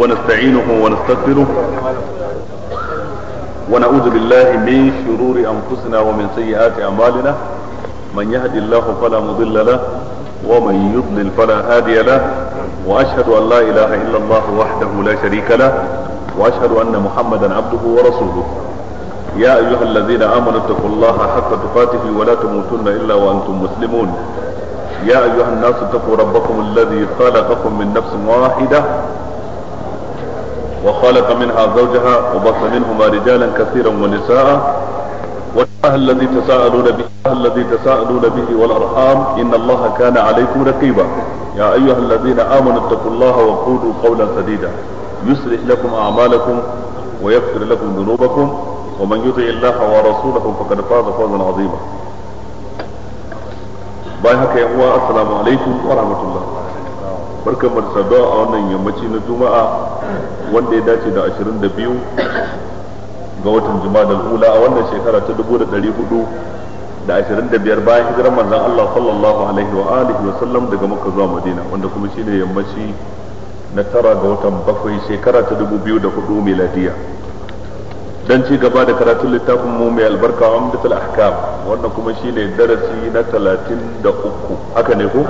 ونستعينه ونستغفره ونعوذ بالله من شرور انفسنا ومن سيئات اعمالنا من يهد الله فلا مضل له ومن يضلل فلا هادي له واشهد ان لا اله الا الله وحده لا شريك له واشهد ان محمدا عبده ورسوله يا ايها الذين امنوا اتقوا الله حق تقاته ولا تموتن الا وانتم مسلمون يا أيها الناس اتقوا ربكم الذي خلقكم من نفس واحدة وخلق منها زوجها وبث منهما رجالا كثيرا ونساء والله الذي تساءلون به الذي تساءلون به والارحام ان الله كان عليكم رقيبا يا ايها الذين امنوا اتقوا الله وقولوا قولا سديدا يصلح لكم اعمالكم ويغفر لكم ذنوبكم ومن يطع الله ورسوله فقد فاز فوزا عظيما باي هكا يا السلام عليكم ورحمه الله barkan mu da saduwa a wannan yammaci na juma'a wanda ya dace da 22 ga watan juma'a ula a wannan shekara ta 1400 da 25 bayan hijirar manzon Allah sallallahu alaihi wa alihi wa sallam daga Makka zuwa Madina wanda kuma shine yammaci na tara ga watan bakwai shekara ta 2004 miladiya dan ci gaba da karatun littafin mu mai albarka amdatul ahkam wannan kuma shine darasi na 33 haka ne ko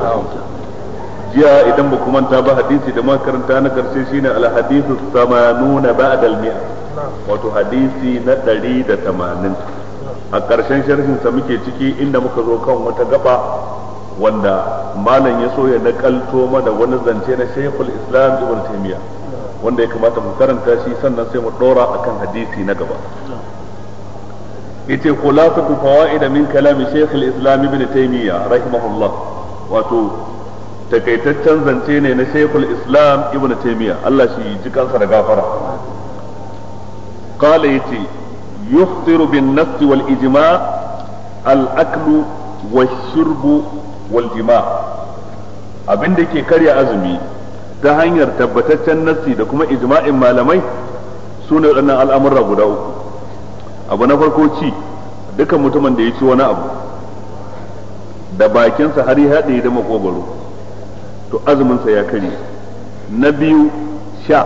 jiya idan ba kuma ta ba hadisi da makaranta na karshe shine al hadithu 80 ba'da al mi'a wato hadisi na 180 a karshen sharhin sa muke ciki inda muka zo kan wata gaba wanda malam ya so ya nakalto mana wani zance na Shaykhul Islam Ibn Taymiyyah wanda ya kamata mu karanta shi sannan sai mu dora akan hadisi na gaba yace khulasatu fawaid min kalam islami al-Islam Ibn Taymiyyah rahimahullah wato takaitaccen zance ne na shekul islam ibnu taimiyya Allah shi ji kansa da gafara ya yace yuftiru bin nass wal ijima al'aklu wa shirbu wal jima' abin da ke karya azumi ta hanyar tabbataccen nasti da kuma ijimain malamai su ne waɗannan al'amurra guda uku abu na farko ci dukan mutumin da ya ci wani abu da bakinsa har ya haɗe da makogaro to azumin sa ya karye na biyu sha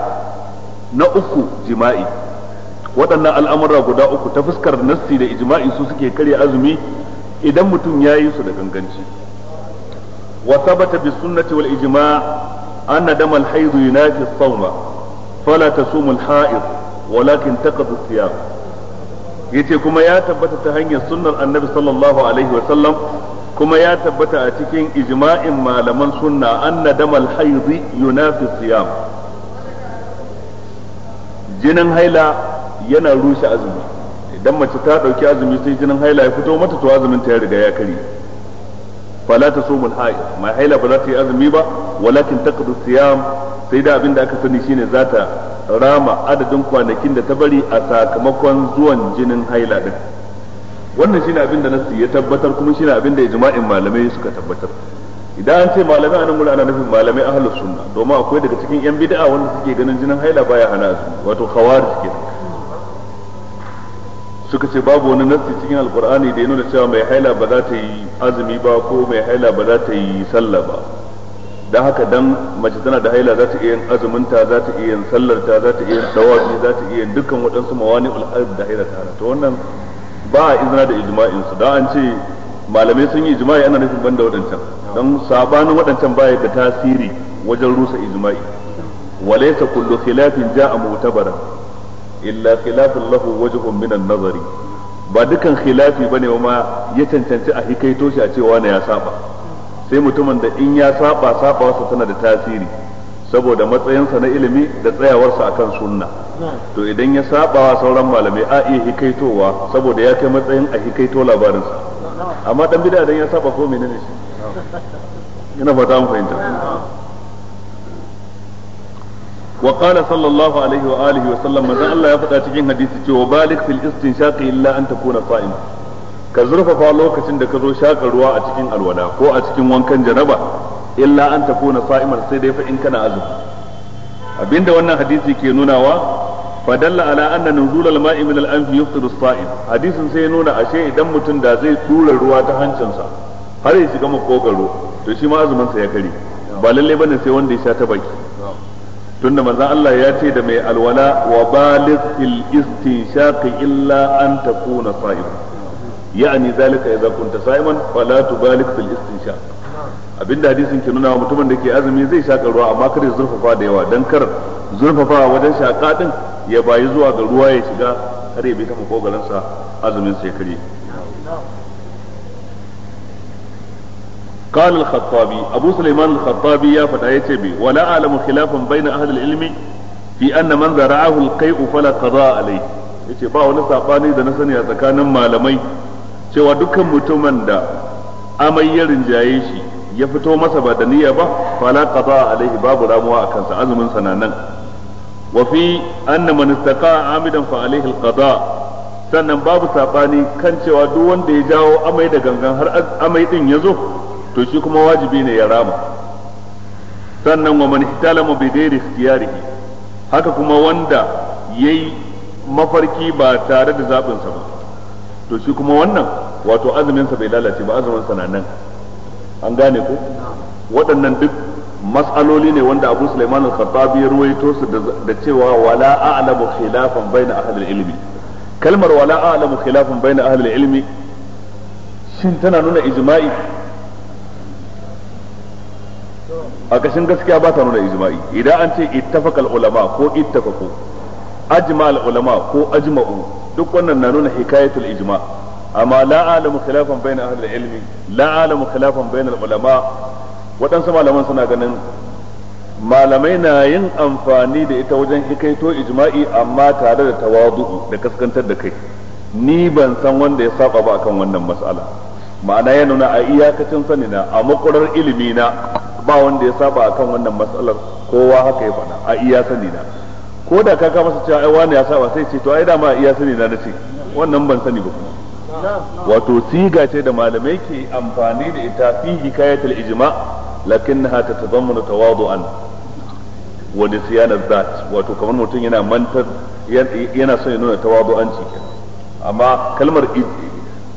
na uku jima'i waɗannan al'amura guda uku ta fuskar nassi da ijma'i su suke karya azumi idan mutum ya yi su da ganganci wa sabata bi sunnati wal ijma' anna dam al hayd yunafi as fala tasum al ha'id walakin taqad as yace kuma ya tabbata ta hanyar sunnar annabi sallallahu alaihi wa sallam kuma ya tabbata a cikin ijma'in malaman sunna anna damal haidi yunafi siyam jinin haila yana rushe azumi idan mace ta dauki azumi sai jinin haila ya fito mata to azumin ta ya riga ya kare fala tasumul haid mai haila ba za ta yi azumi ba walakin taqdu siyam sai da abin da aka sani shine za ta rama adadin kwanakin da ta bari a sakamakon zuwan jinin haila din wannan shine abin da nasu ya tabbatar kuma shine abin da ijma'in malamai suka tabbatar idan an ce malamai anan gurin ana nufin malamai ahlus sunna domin akwai daga cikin yan bid'a wanda suke ganin jinin haila baya hana su wato khawarij suke. suka ce babu wani nassi cikin alqur'ani da ya nuna cewa mai haila ba za ta yi azumi ba ko mai haila ba za ta yi sallah ba dan haka dan mace tana da haila za ta iya yin azuminta za ta iya yin sallarta za ta iya yin dawafi za ta iya yin dukkan waɗansu mawani haid da haila ta to wannan ba a izina da ijma'in su da an ce malamai sun yi ijma'i ana nufin banda waɗancan don sabanin waɗancan ya da tasiri wajen rusa ijma'i walaysa kullu khilafin ja'a mu'tabara illa khilafin lahu wajhun min nazari ba dukan khilafi ne ma ya cancanci a hikaito shi a cewa na ya saba sai mutumin da in ya saba saba wasa tana da tasiri saboda matsayinsa na ilimi da tsayawarsa akan sunna to idan ya saba sauran malamai a iya hikaitowa saboda ya kai matsayin a hikaito labarinsa amma dan bid'a idan ya saba ko menene shi ina fata an fahimta wa qala sallallahu alaihi wa alihi wa sallam manzon Allah ya faɗa cikin hadisi cewa balik fil istinshaqi illa an takuna sa'im ka zurfafa lokacin da ka zo shaƙa ruwa a cikin alwala ko a cikin wankan janaba illa an takuna sa'imar sai dai fa in kana azumi abinda wannan hadisi ke nunawa fadalla ala anna nuzul al-ma'i min al-anfi yuftiru as-sa'im hadisin sai ya nuna ashe idan mutum da zai tura ruwa ta hancinsa har ya shiga makogaro to shi ma azumin sa ya kare ba lalle bane sai wanda ya sha ta baki tunda manzon Allah ya ce da mai alwala wa baligh fil istinshaqi illa an takuna sa'im ya'ani zalika idza kunta sa'iman fala tubalik fil abinda hadisin ke nuna mutumin da ke azumi zai shaka ruwa amma kada ya zurfafa da yawa dan kar zurfafa wajen shaka din ya bayi zuwa ga ruwa ya shiga kare ya bi ta makogaransa azumin sai kare قال الخطابي أبو سليمان الخطابي يا فتاة يتبي ولا أعلم خلافا بين أهل العلم في أن من ذرعه القيء فلا قضاء عليه yace ba wani sabani da na sani a tsakanin malamai cewa dukkan mutumin da amai ya rinjaye shi ya fito masa ba da niyya ba fala qada alaihi babu ramuwa a kansa azumin sa nan wa fi anna man istaqa amidan fa alaihi alqada sannan babu sabani kan cewa duk wanda ya jawo amai da gangan har amai din ya zo to shi kuma wajibi ne ya rama sannan wa man ihtalama bi dairi ikhtiyarihi haka kuma wanda yayi mafarki ba tare da zaɓinsa ba to shi kuma wannan wato azumin sa bai lalace ba azumin sa na nan an gane ko waɗannan duk mas'aloli ne wanda Abu Sulaiman al-Khattabi ya ruwaito su da cewa wala a'lamu khilafan baina ahli al-ilmi kalmar wala a'lamu khilafan baina ahli al-ilmi shin tana nuna ijma'i a kashin gaskiya ba ta nuna ijma'i idan an ce ittafaqa al-ulama ko ittafaqu ajma al-ulama ko ajma'u duk wannan na nuna hikayatul ijma amma la alamu khilafan bayna ahli ilmi la alamu khilafan bayna ulama waɗansu malaman suna ganin malamai na yin amfani da ita wajen hikaito ijma'i amma tare da tawadu'u da kaskantar da kai ni ban san wanda ya saba ba akan wannan mas'ala ma'ana ya nuna a iyakacin sani na a makurar ilimi na ba wanda ya saba akan wannan mas'alar kowa haka ya faɗa a iya sani na ko da ka su cewa ai wani ya saba sai ce to ai dama iya sani na nace wannan ban sani ba kuma wato siga ce da malamai ke amfani da ita fi hikayatul ijma lakinnaha tatadammanu tawadu'an wa nisyana zat wato kamar mutum yana mantar yana son ya nuna tawadu'anci amma kalmar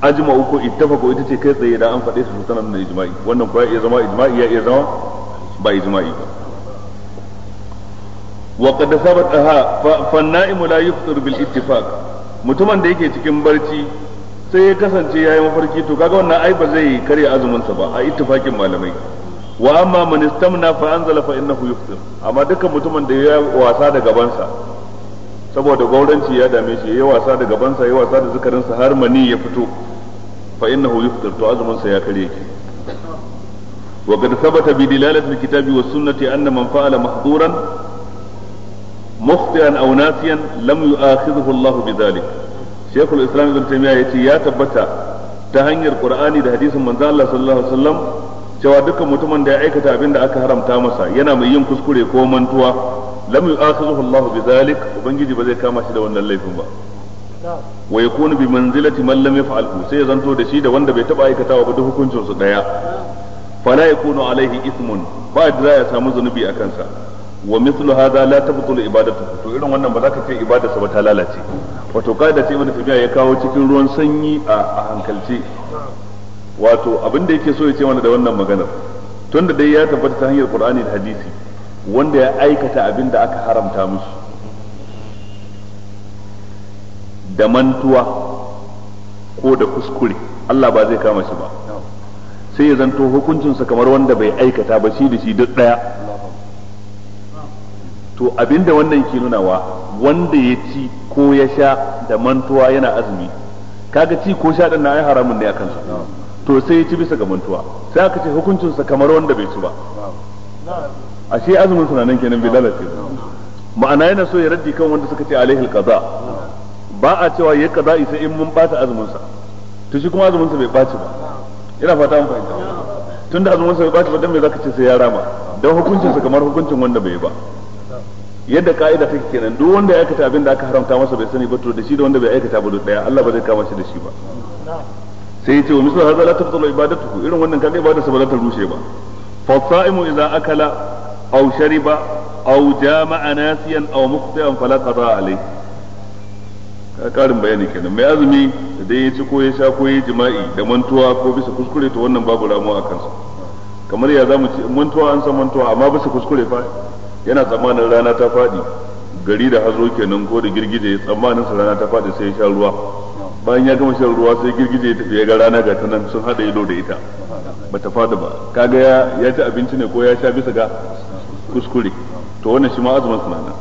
ajma uku ittafaqu ita ce kai tsaye da an faɗe su sanan da ijma'i wannan kuwa iya zama ijma'i ya iya zama ba ijma'i ba wa qad sabataha fa an-na'imu la yufṭir bil ittifaq mutumin da yake cikin barci sai ya kasance yayi mafarki to kaga wannan ai ba zai karya azumin sa ba a ittifakin malamai wa amma man istamna fa anzala fa innahu yufṭir amma dukkan mutumin da ya wasa da gabansa saboda gauranci ya dame shi ya wasa da gabansa ya wasa da sa har mani ya fito fa innahu yufṭir to azumin sa ya qad ki bi dilalati kitabi الكتاب sunnati anna man fa'ala Mahduran. mukhtiyan aw nasiyan lam yu'akhidhuhu Allah bidhalik Sheikhul Islam Ibn Taymiyyah yace ya tabbata ta hanyar ƙur'ani da hadisin manzo Allah sallallahu alaihi wasallam cewa dukkan mutumin da ya aikata abin da aka haramta masa yana mai yin kuskure ko mantuwa lam yu'akhidhuhu Allah bidhalik ubangiji ba zai kama shi da wannan laifin ba wa yakunu bi manzilati man lam yaf'alhu sai ya zanto da shi da wanda bai taba aikatawa ba duk hukuncin su daya fala yakunu alaihi ithmun ba ya samu zunubi a kansa wa mislu hadha la tabtulu ibadatuhu to irin wannan ba za ka ce ibada sa ba ta lalace wato kaida ce ibnu tabiya ya kawo cikin ruwan sanyi a hankalce wato abin da yake so ya ce mana da wannan maganar tunda dai ya tabbata ta hanyar qur'ani da hadisi wanda ya aikata abin da aka haramta musu da mantuwa ko da kuskure Allah ba zai kama shi ba sai ya zanto hukuncinsa kamar wanda bai aikata ba shi da shi duk daya to abinda wannan ke nunawa wanda ya ci ko ya sha da mantuwa yana azumi kaga ci ko sha din na ai haramun ne a kansu, to sai ya ci bisa ga mantuwa sai aka ce hukuncin sa kamar wanda bai ci ba ashe azumin sa nan kenan bai lalace ma'ana yana so ya raddi kan wanda suka ce alaihi alqaza ba a cewa ya kaza sai in mun bata azumin sa to shi kuma azumin sa bai baci ba ina fata mun fahimta tunda azumin sa bai baci ba dan me zaka ce sai ya rama dan hukuncin sa kamar hukuncin wanda bai ba yadda ka'ida take kenan duk wanda ya aikata abin da aka haramta masa bai sani ba to da shi da wanda bai aikata ba daya Allah ba zai kama shi da shi ba sai yace wa misal hadha la tabtalu ibadatuhu irin wannan kaga ibadar sa ba za ta rushe ba fa sa'imu idza akala aw shariba aw jama'a nasiyan aw muqtiyan fala qada alayhi ka karin bayani kenan mai azumi da ya ci ko ya sha ko ya jima'i da mantuwa ko bisa kuskure to wannan babu ramuwa a kansa kamar ya zamu ci mantuwa an san mantuwa amma bisa kuskure fa yana tsammanin rana ta faɗi gari da hazo kenan ko da girgije tsammanin sa rana ta faɗi sai ya sha ruwa bayan ya gama shan ruwa sai girgije ya tafi ya ga rana ga ta sun haɗa ido da ita ba ta faɗi ba kaga ya ya ci abinci ne ko ya sha bisa ga kuskure to wannan shi ma azumin sa nan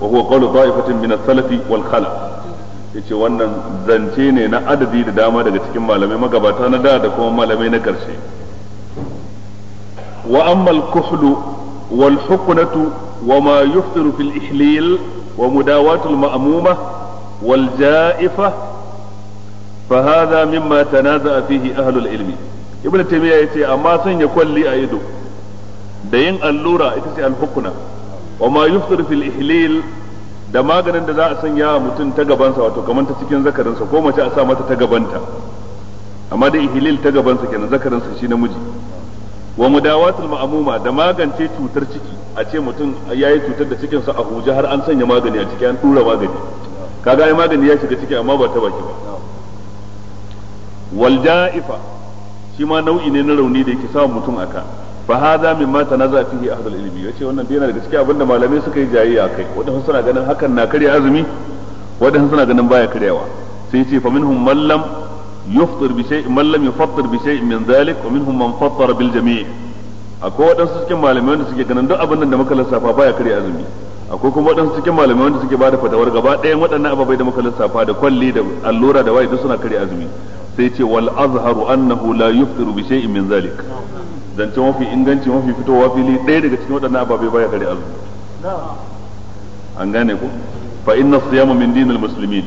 wa huwa qawlu ta'ifatin min as-salafi wal khalaf yace wannan zance ne na adadi da dama daga cikin malamai magabata na da da kuma malamai na karshe wa ammal kuhlu wal hukunatu wa ma yuftiru fil ihlil wa mudawatul ma'muma wal ja'ifa mata na mimma tanaza'a fihi ahlul ilmi ibnu ya ce amma sanya kwalli a ido da yin allura ita ce al wa ma yuftiru da maganin da za a sanya wa mutum ta gabansa wato kamar cikin zakarinsa ko mace a sa mata ta gabanta amma da ihlil ta gabansa kenan zakarinsa shi namiji wa mudawatul ma'amuma da magance cutar ciki a ce mutum ya yi cutar da cikinsa a huje har an sanya magani a ciki an dura magani kaga ai magani ya shiga ciki amma ba ta baki ba wal ja'ifa shi ma nau'i ne na rauni da yake samun mutum aka fa hadha mimma tanaza fihi ahlul ilmi yace wannan dai yana daga cikin abinda malamai suka yi jayayya kai wadanda suna ganin hakan na karya azumi wadanda suna ganin baya karyawa sai yace fa minhum man lam yuftir bi shay'in man lam yufattir bi shay'in min dhalik wa minhum man fattara bil jami' akwai waɗansu cikin malamai wanda suke ganin duk abin da muka lissafa baya kare azumi akwai kuma waɗansu cikin malamai wanda suke bada fatawar gaba ɗayan waɗannan ababai da muka lissafa da kwalli da allura da waye duk suna karya azumi sai ce wal azharu annahu la yuftiru bi shay'in min zalik zance mafi inganci mafi fitowa fili ɗaya daga cikin waɗannan ababai baya kare azumi an gane ku fa inna siyama min dinil muslimin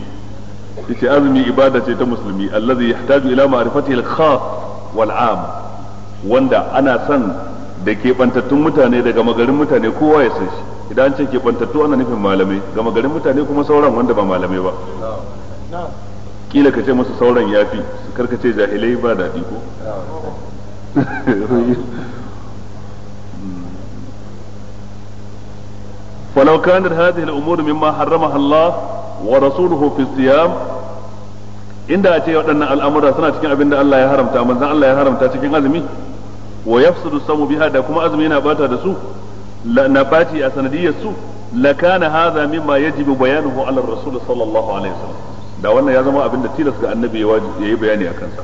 yace azumi ibada ce ta musulmi allazi yahtaju ila ma'rifati al-khas wal 'am wanda ana san da keɓantattun mutane da magarin mutane kowa ya san shi idan an ce keɓantattu ana nufin malamai ga magarin mutane kuma sauran wanda ba malamai ba kila ka ce musu sauran yafi karka ce jahilai ba daɗi ko ولو كانت هذه الأمور مما حرمها الله ورسوله في الصيام inda a ce waɗannan al'amura suna cikin abin da Allah ya haramta manzon Allah ya haramta cikin azumi wa yafsudu samu biha da kuma azumi yana bata da su na baci a sanadiyar su la kana hadha mimma yajibu bayanuhu ala rasul sallallahu alaihi wasallam da wannan ya zama abin da tilas ga annabi ya yi bayani a kansa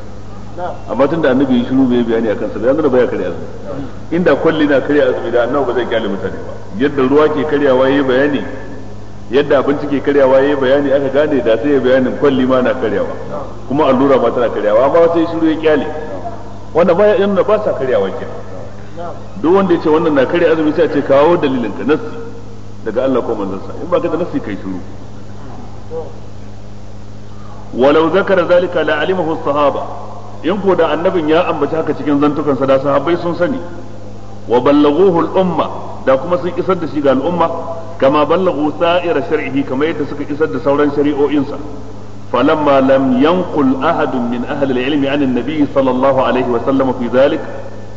amma tun da annabi ya shiru bai bayani akan sallah yanzu da baya karya azumi inda kulli na karya azumi da annabi ba zai kyale mutane ba yadda ruwa ke karyawa yayi bayani yadda abinci ke karyawa yayi bayani aka gane da sai ya bayanin kulli ma na karyawa kuma allura ma tana karyawa amma sai shiru ya kyale wanda ba ya nuna ba sa karyawa ke duk wanda ya ce wannan na karya azumi sai a ce kawo dalilin ka nassi daga Allah ko sa in ba ka da nassi kai shiru ولو ذكر ذلك لعلمه الصحابه in ko da annabin ya ambaci haka cikin zantukan sa da sahabbai sun sani wa ballaghuhu al-umma da kuma sun isar da shi ga al'umma kama ballaghu sa'ira shar'ihi kamar yadda suka isar da sauran shari'o'insa فلما لم ينقل أحد من أهل العلم عن النبي صلى الله عليه وسلم في ذلك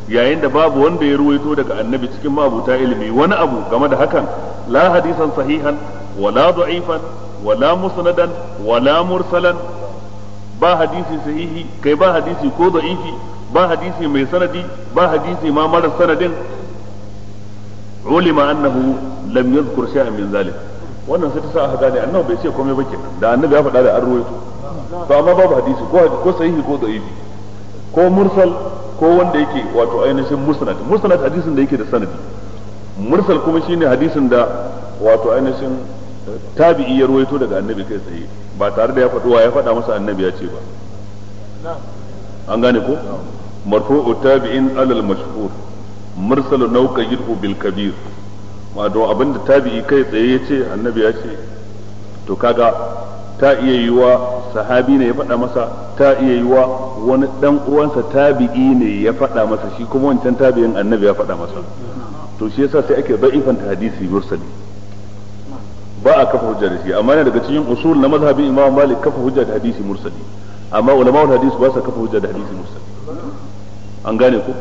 yayin da babu wanda ya ruwaito daga annabi cikin mabuta ilimi wani abu game da hakan la hadisan sahihan wala da'ifan wala musnadan wala mursalan ba hadisi sahihi kai ba hadisi ko da'ifi ba hadisi mai sanadi ba hadisi ma mara sanadin ulima annahu lam yadhkur shay'an min zalik wannan sai ta sa aka gane annabi bai ce komai ba kenan da annabi ya faɗa da an ruwaito to amma babu hadisi ko ko sahihi ko da'ifi ko mursal ko wanda yake wato ainihin musnad musnad hadisin da yake da sanadi mursal kuma shine hadisin da wato ainihin eh, tabi'i ya ruwaito daga annabi kai sahihi. ba tare da ya faɗi wa ya faɗa masa annabi ya ce ba an gane ko marfu tabi'in alal mashhur mursalu nauqayidhu bil kabir ma abin abinda tabi'i kai tsaye ya ce annabi ya ce to kaga ta iya yiwa sahabi ne ya faɗa masa ta iya yiwa wani dan uwansa tabi'i ne ya faɗa masa shi kuma wancan tabi'in annabi ya faɗa masa to shi yasa sai ake da'ifan hadisi mursali ba a kafa hujja da shi amma yana daga cikin usul na mazhabin imam malik kafa hujja da hadisi mursali amma ulama wal hadisi ba sa kafa hujja da hadisi mursali an gane ku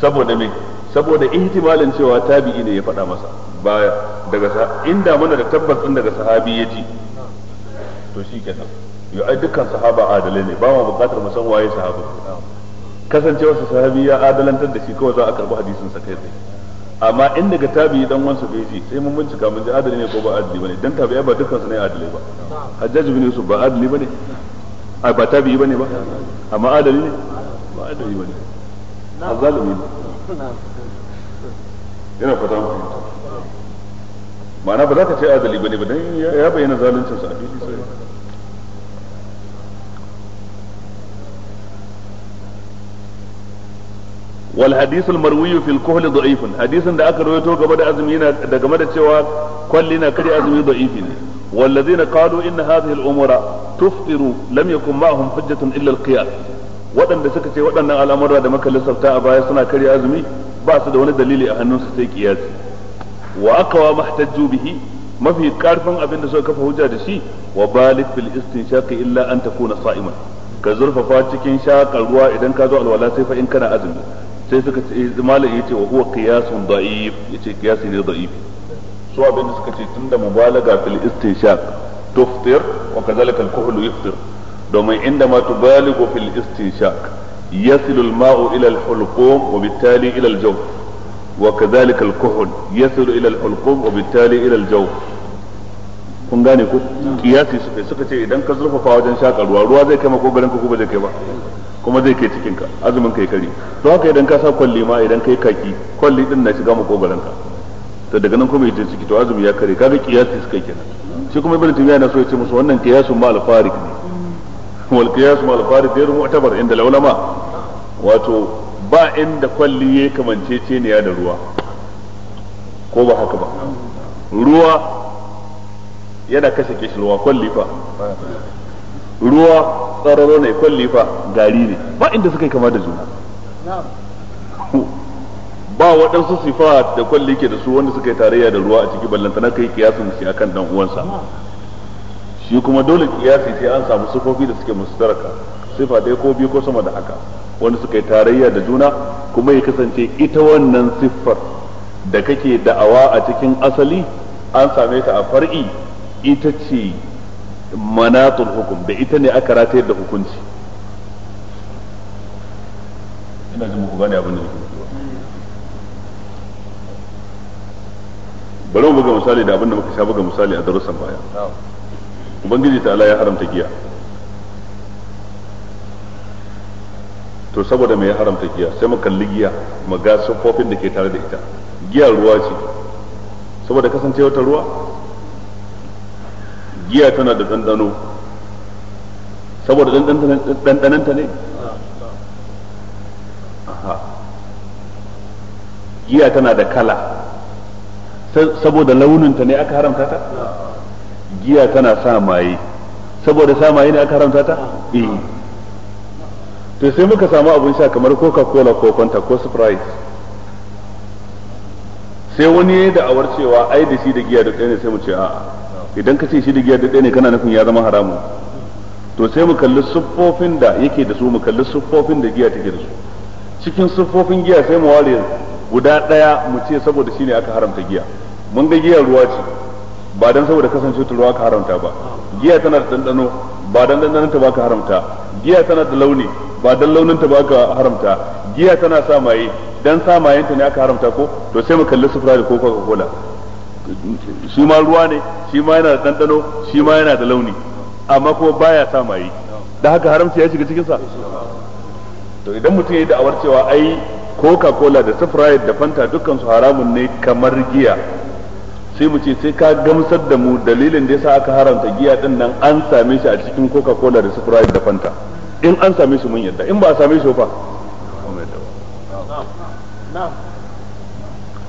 saboda me saboda ihtimalin cewa tabi'i ne ya faɗa masa ba daga inda mana da tabbas din daga sahabi ya ji to shi kenan yo ai dukkan sahaba adalai ne ba mu bukatar mu san waye sahaba kasancewar sahabi ya adalantar da shi kawai za a karbi hadisin sa kai tsaye amma in daga tabi dan wansa bai ji sai mun bincika mun ji adali ne ko ba adali bane dan tabi ba dukkan su ne adali ba hajjaj bin yusuf ba adali bane a ba tabi bane ba amma adali ne ba adali bane azalimi yana fata mu ma'ana ba za ka ce adali bane ba dan ya bayyana zaluncinsa a fili sai wal hadithul marwi fil kuhl da'ifun hadisin da aka rawaito game da azumi yana da game da cewa kwalli na kare azumi da'ifi ne والذين قالوا إن هذه الأمور تفطر لم يكن معهم حجة إلا القياس waɗanda suka ce waɗannan al'amura da muka lissafta a baya suna karya azumi ba su da wani dalili a hannun hannunsu sai kiyasi wa aqwa mahtajju bihi mafi karfin abin da suka kafa hujja da shi wa balik bil istinshaqi illa an takuna sa'iman ka zurfafa cikin shakar ruwa idan ka zo alwala sai fa in kana azumi sai suka ce malam yace wa huwa qiyasun da'if yace qiyasi ne da'if su abin da suka ce tunda mubalaga fil istinshaq tuftir wa kadhalika al-kuhl yuftir domin inda ma tubaligu fil istinshaq yasilu al-ma'u ila al-hulqum wa bittali ila al-jawf wa kadhalika al-kuhl yasilu ila al-hulqum wa bittali ila al-jawf kun gane ko kiyasi suka suka ce idan ka zurfafa wajen shaka ruwa ruwa zai kai garin ka ko ba zai kai ba kuma zai kai cikin ka azumin kai kari to haka idan ka sa kwalli ma idan kai kaki kwalli din na shiga garin ka to daga nan kuma yaje ciki to azumi ya kare kaga kiyasi suka kenan shi kuma ibn tumiya na so ya ce musu wannan kiyasun ma alfarik ne wal kiyasu ma al-farik dai mu'tabar inda ulama wato ba inda kwalli ya kamanceceniya da ruwa ko ba haka ba ruwa yana kashe kishirwa kwalli fa ruwa tsararo ne kwalli fa gari ne ba inda suka yi kama da juna ba waɗansu sifa da kwalli ke da su wanda suka yi tarayya da ruwa a ciki ballantana kai kiyasin shi a kan uwansa shi kuma dole kiyasi sai an samu sufofi da suke musu taraka sifa ɗaya ko biyu ko sama da haka wanda suka yi tarayya da juna kuma ya kasance ita wannan siffar da kake da'awa a cikin asali an same ta a far'i ita ce manatul hukum da ita ne aka ratayar da hukunci ina jin muku gane abin da nake bari mu buga misali da abin da muka sha buga misali a darussan baya ubangiji ta ya haramta giya to saboda me ya haramta giya sai mu kalli giya mu ga siffofin da ke tare da ita giya ruwa ce saboda kasancewar ta ruwa giya tana da dandano, saboda ɗanɗananta ne giya tana da kala saboda launinta ne aka haramta ta giya tana sa maye saboda sa maye ne aka haramta ta eh to sai muka samu abin sha kamar coca-cola ko fanta ko sprite sai wani ya yi da'awar cewa ai da shi da giya da ɗaya ne sai mu ce a'a idan ka ce shi da giya ɗaya ne kana nufin ya zama haramun to sai mu kalli siffofin da yake da su mu kalli siffofin da giya take da su cikin siffofin giya sai mu ware guda ɗaya mu ce saboda shine aka haramta giya mun ga giya ruwa ce ba don saboda kasance ta ruwa ka haramta ba giya tana da dandano ba don ɗanɗanon ta baka haramta giya tana da launi ba don launin ta baka haramta giya tana sa maye don sa mayen ta ne aka haramta ko to sai mu kalli sufura da coca cola shi ma ruwa ne shi ma yana da dandano shi ma yana da launi amma kuma baya sa mai da haka haramci ya shiga cikinsa to idan mutum ya da'awar cewa ai coca cola da sprite da fanta dukkan su haramun ne kamar giya sai mu ce sai ka gamsar da mu dalilin da yasa aka haramta giya din nan an same shi a cikin coca cola da sprite da fanta in an same shi mun yadda in ba a same shi ba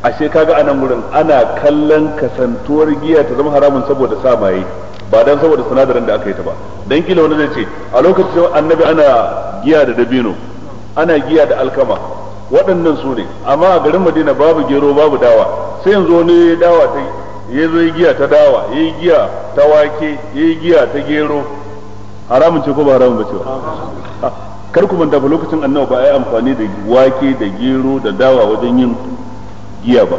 ashe kaga anan wurin ana kallon kasantuwar giya ta zama haramun saboda sa maye ba dan saboda sinadarin da aka yi ta ba dan kila wani zai ce a lokacin annabi ana giya da dabino ana giya da alkama waɗannan su ne amma a garin madina babu gero babu dawa sai yanzu wani dawa ta ya zo giya ta dawa ya giya ta wake ya giya ta gero haramun ce ko ba haramun ba ce kar ku manta fa lokacin annabi ba ai amfani da wake da gero da dawa wajen yin giya ba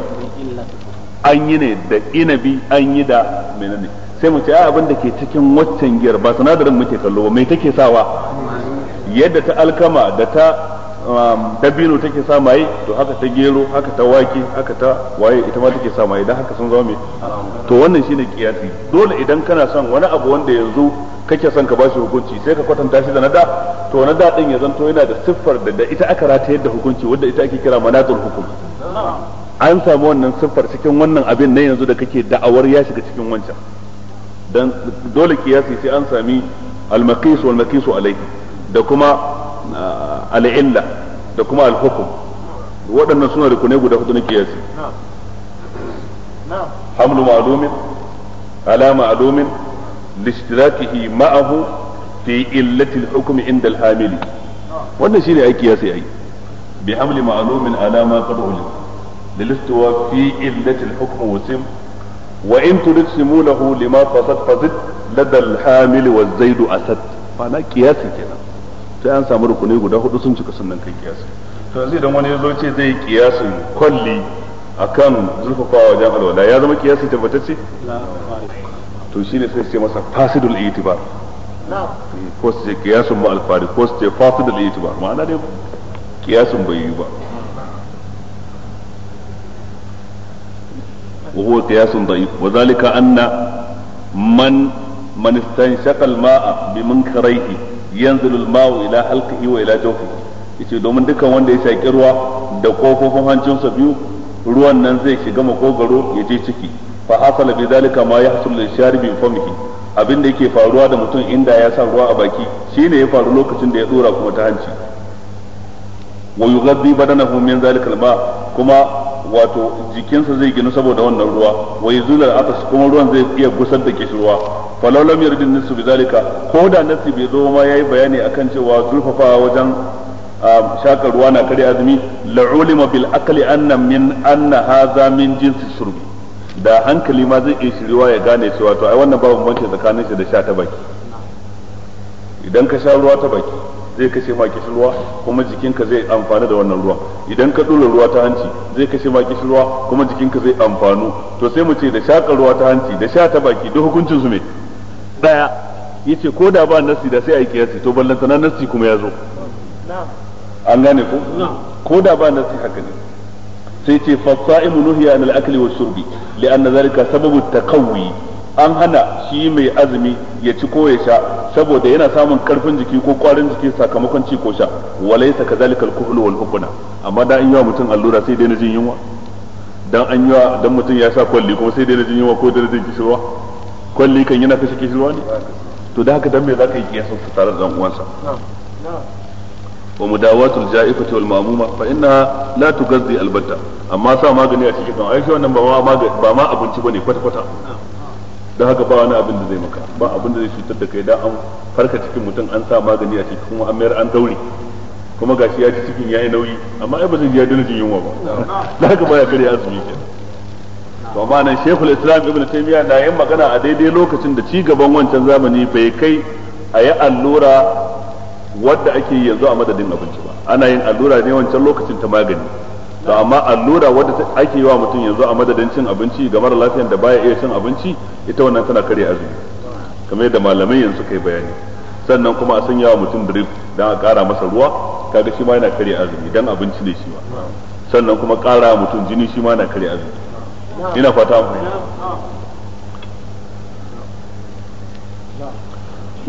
an yi ne da inabi an yi da menene sai mu ce a abin da ke cikin waccan giyar ba sinadarin muke kallo ba mai take sawa yadda ta alkama da ta um, dabino take sa maye to haka ta gero haka ta wake haka ta waye ita ma take sa maye dan haka sun zama mai to wannan shine kiyasi dole idan kana son wani abu wanda yanzu kake son ka bashi hukunci sai ka kwatanta shi da nada to nada din ya zanto yana da siffar da ita aka rata yadda hukunci wanda ita ake kira manazul hukum an samu wannan siffar cikin wannan abin na yanzu da kake da'awar ya shiga cikin wancan dan dole kiyasi sai an sami al-maqis wal maqis alayhi da kuma ah, al-illa da kuma al-hukm waɗannan suna rukuni guda hudu na kiyasi hamlu ma'lumin ala ma'lumin lishtirakihi ma'ahu fi illati al-hukm inda al-hamili wannan shine ai kiyasi ai bi hamli ma'lumin ala ma qad'u للاستواء في علة الحكم وسم وإن ترسمونه لما فسد فسد لدى الحامل والزيد أسد فأنا قياسي كده sai an samu rukuni guda hudu sun cika sannan kai kiyasi to yanzu idan wani yazo ce zai kiyasin kwalli akan zurfafawa wajen alwala ya zama kiyasi tabbatacce to shine sai ce masa fasidul itibar ko su ce kiyasun ma alfari ko su ce fasidul itibar ma'ana dai kiyasin bai yi ba wa huwa qiyasun da'if wa zalika anna man man istanshaqa al-ma'a bi munkaraihi yanzilu al-ma'u ila halqihi wa ila yace domin dukkan wanda ya saki ruwa da kofofin hancinsa biyu ruwan nan zai shiga makogaro ya je ciki fa hasala bi zalika ma yahsul lil sharibi famihi abin da yake faruwa da mutum inda ya sa ruwa a baki shine ya faru lokacin da ya dora kuma ta hanci wa yughaddi badanahu min zalika alma kuma wato jikinsa zai ginu saboda wannan ruwa wa yuzular atas kuma ruwan zai iya gusar da kishirwa falau lam yurdin nisu bizalika ko da nasi bai zo ma yayi bayani akan cewa zurfafa wajen ah, shaka ruwa na kare azumi la ulima bil akli anna min anna hadha min jinsi shurbi da hankali ma zai iya shiruwa ya gane cewa to ai wannan babu bambanci tsakanin shi da sha ta baki idan ka sha ruwa ta baki zai kashe ma ruwa kuma jikinka zai amfani da wannan ruwa idan ka dole ruwa ta hanci zai kashe ma ruwa kuma jikinka zai amfanu to sai mu ce da shakar ruwa ta hanci da sha ta baki duk hukuncin su me daya yace ko da ba nasi da sai ai kiyasi to ballantana nasi kuma ya zo an gane ko ko da ba nasi haka ne sai ce sa'imu nuhiya anil akli wa shurbi li anna zalika sababu taqawwi an hana shi mai azumi ya ci ko ya sha saboda yana samun karfin jiki ko kwarin jiki sakamakon ci ko sha walaysa kadhalika al-kuhl wal hubna amma da an yi wa mutum allura sai dai na jin yunwa dan an yawa dan mutum ya sa kwalli kuma sai dai na jin yunwa ko da na jin kishirwa kwalli kan yana kashe kishirwa ne to da haka dan me zaka yi kiyasa su tare da dan uwansa wa mudawatul ja'ifati wal ma'muma fa inna la tugazzi albatta amma sa magani a cikin ai shi wannan ba ma ba ma abinci bane kwata kwata don haka ba wani abin da zai maka ba abin da zai cutar da kai da an farka cikin mutum an sa magani a cikin kuma an mayar an daure kuma gashi ya ci cikin yayi nauyi amma ai ba zai ya dole jin yunwa ba da haka baya kare azumi ke to amma nan Sheikhul Islam ibnu taymiya na yin magana a daidai lokacin da ci gaban wancan zamani bai kai a yi allura wadda ake yanzu a madadin abinci ba ana yin allura ne wancan lokacin ta magani to amma allura wadda ake yi wa mutum yanzu a madadin cin abinci ga mara lafiyan da baya iya cin abinci ita wannan tana karya azumi kamar yadda malamai yanzu kai bayani sannan kuma a sanya wa mutum drip dan a kara masa ruwa kaga shi ma yana karya azumi dan abinci ne shi ma sannan kuma kara mutum jini shi ma yana karya azumi ina fata mu.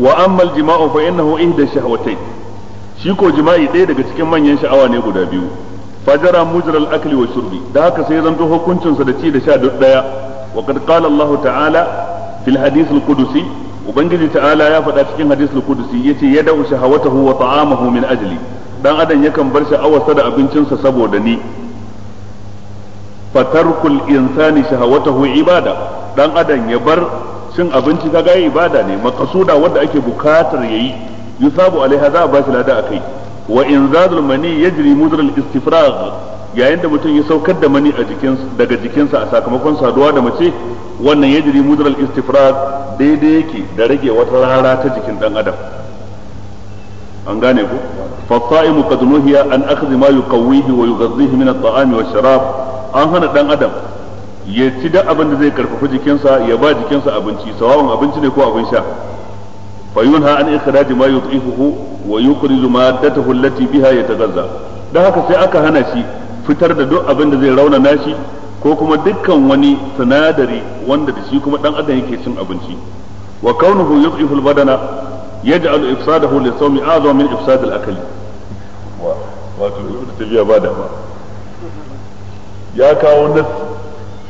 wa amma jima'u fa innahu ihda shahwatayn shi ko jima'i ɗaya daga cikin manyan sha'awa ne guda biyu fajara mujral akli wa shurbi da haka sai zanto hukuncin sa da ci da sha duk ɗaya wa qad ta'ala fil hadith al ubangiji ta'ala ya faɗa cikin hadith al qudusi yace yad'u shahawatahu wa ta'amahu min ajli dan adam yakan bar sha'awarsa da abincinsa saboda ni fatarkul insani shahawatahu ibada dan adan ya bar cin abinci gaya ibada ne maqsuda wadda ake bukatar yayi yusabu alaiha za a bashi lada kai. wa in zadul mani yajri mudral istifrag yayin da mutum ya saukar da mani a jikin daga jikinsa a sakamakon saduwa da mace wannan yajri mudral istifrag daidai yake da rage wata rara ta jikin dan adam an gane ku fasa'imu qad nuhiya an akhdhi ma yuqawwihi wa yughadhihi min at-ta'ami wa sharab an hana dan adam ya ci da abin da zai karfafa jikinsa ya ba jikinsa abinci sawawan abinci ne ko abin sha فينهى عن إخراج ما يضعفه ويخرج مادته التي بها يتغذى da haka sai aka hana shi fitar da duk abin da zai raunana shi ko kuma dukkan wani sinadari wanda da shi kuma dan adam yake cin abinci wa kaunuhu yudhifu al-badana yaj'alu ifsadahu li sawmi a'zama min ifsad al-akl wa wato ibnu tabiya ba ya kawo nas